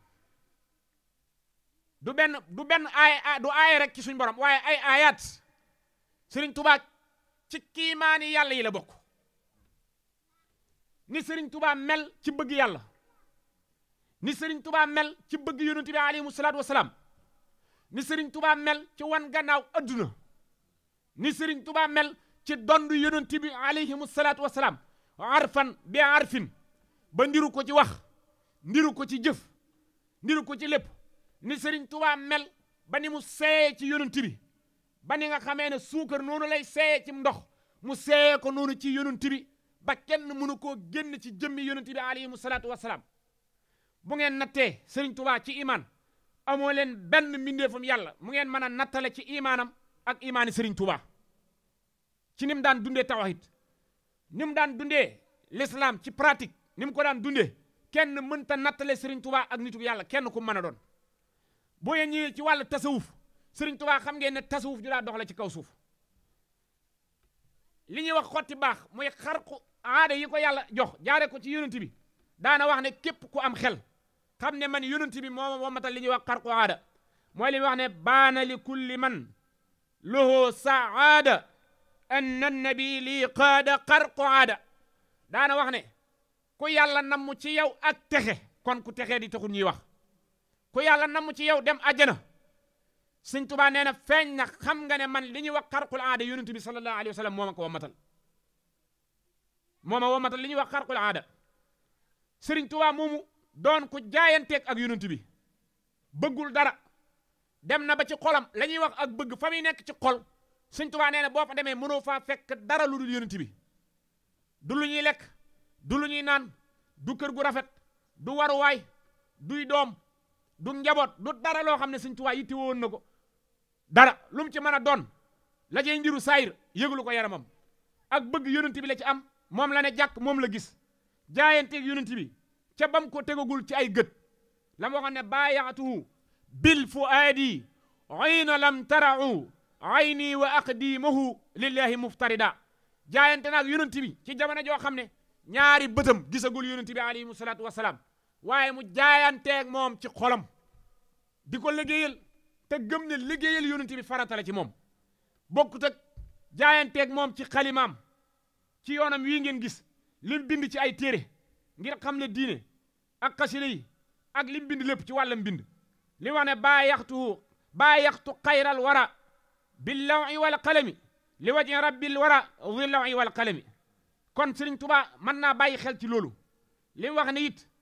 du benn du benn aay du aay rek ci suñ borom waaye ay aayaat Sëriñ Tuubaa ci kiimaani yàlla yi la bokk ni sëriñ tubaa mel ci bëgg yàlla ni sëriñ tubaa mel ci bëgg yonent bi aleyhi salaatu salaam ni sëriñ tubaa mel ci wan gannaaw adduna ni sëriñ tubaa mel ci dond yonent bi aleyhi salaatu wasalaam arfan bi arfin ba ndiru ko ci wax ndiru ko ci jëf ndiru ko ci lépp ni sëriñ tubaa mel ba ni mu seeyee ci yonent ba ni nga xamee ne suukar noonu lay seeye ci ndox mu seeye ko noonu ci yonent bi ba kenn mënu ko génn ci jëmmi yonent bi alayhi salaatu wasalaam bu ngeen nattee Serigne Touba ci imaan amoo leen benn mbindeefam yàlla mu ngeen mën a nattale ci imaanam ak imaani Serigne Touba ci ni mu daan dundee tawhid ni mu daan dundee l'islam ci pratique ni mu ko daan dundee kenn mën ta nattale Serigne Touba ak nitu yàlla kenn ku mën a doon boo ñëwee ci wàllu tasawuf sëriñ tubaa xam ngeen ne tasawuf ju daa dox ci kaw suuf li ñuy wax xotti baax muy xarqu aada yi ko yàlla jox jaare ko ci yonent bi daana wax ne képp ku am xel xam ne man yonent bi mooma wommatal li ñuy wax xarqu aada mooy li ñuy wax ne baana li kulli man lahu saada anna nabi lii qaada xarqu aada daana wax ne ku yàlla namu ci yow ak texe kon ku texe di taxul ñuy wax ku yàlla namm ci yow dem àjjana sëñ tubaa nee na feeñ na xam nga ne man li wax xarqul aada yonent bi sallallahu alayhi wa sallam moo ko wamatal moo ma wamatal li ñuy wax xarqul aada sëriñ tubaa moomu doon ku jaayanteeg ak yonent bi bëggul dara dem na ba ci xolam la wax ak bëgg fa muy nekk ci xol sëñ tubaa nee na boo fa demee mënoo faa fekk dara lu dul yonent bi du lu ñuy lekk du lu ñuy naan du kër gu rafet du waruwaay duy doom du njaboot du dara loo xam ne sëñ tubaa yitti woon na ko dara lu ci mën a doon la cay ndiru saayir yëglu ko yaramam ak bëgg yonent bi la ci am moom la ne jàkk moom la gis jaayanteeg yonent ca bam ko tegagul ci ay gët la ma waxoon ne baayaatuhu bil fuaadi ayna lam tarau ayni wa aqdimahu lillahi muftarida jaayante naag yonent ci jamono joo xam ne ñaari bëtam gisagul yonent bi alayhi salaatu wasalaam waaye mu jaayanteeg moom ci xolam di ko liggéeyal te gëm ne liggéeyal yonent bi farata la ci moom bokkut ak jaayanteeg moom ci xalimaam ci yoonam wii ngeen gis lim bind ci ay téere ngir xam ne diine ak xasida ak lim bind lépp ci wàllam mbind li wax ne baa yaxtuhu baa yaxtu xayral wara bil lawi wal qalami li waji rabbil wara di lawi wal qalami kon Sëriñ tuba mën naa bàyyi xel ci loolu li wax ne it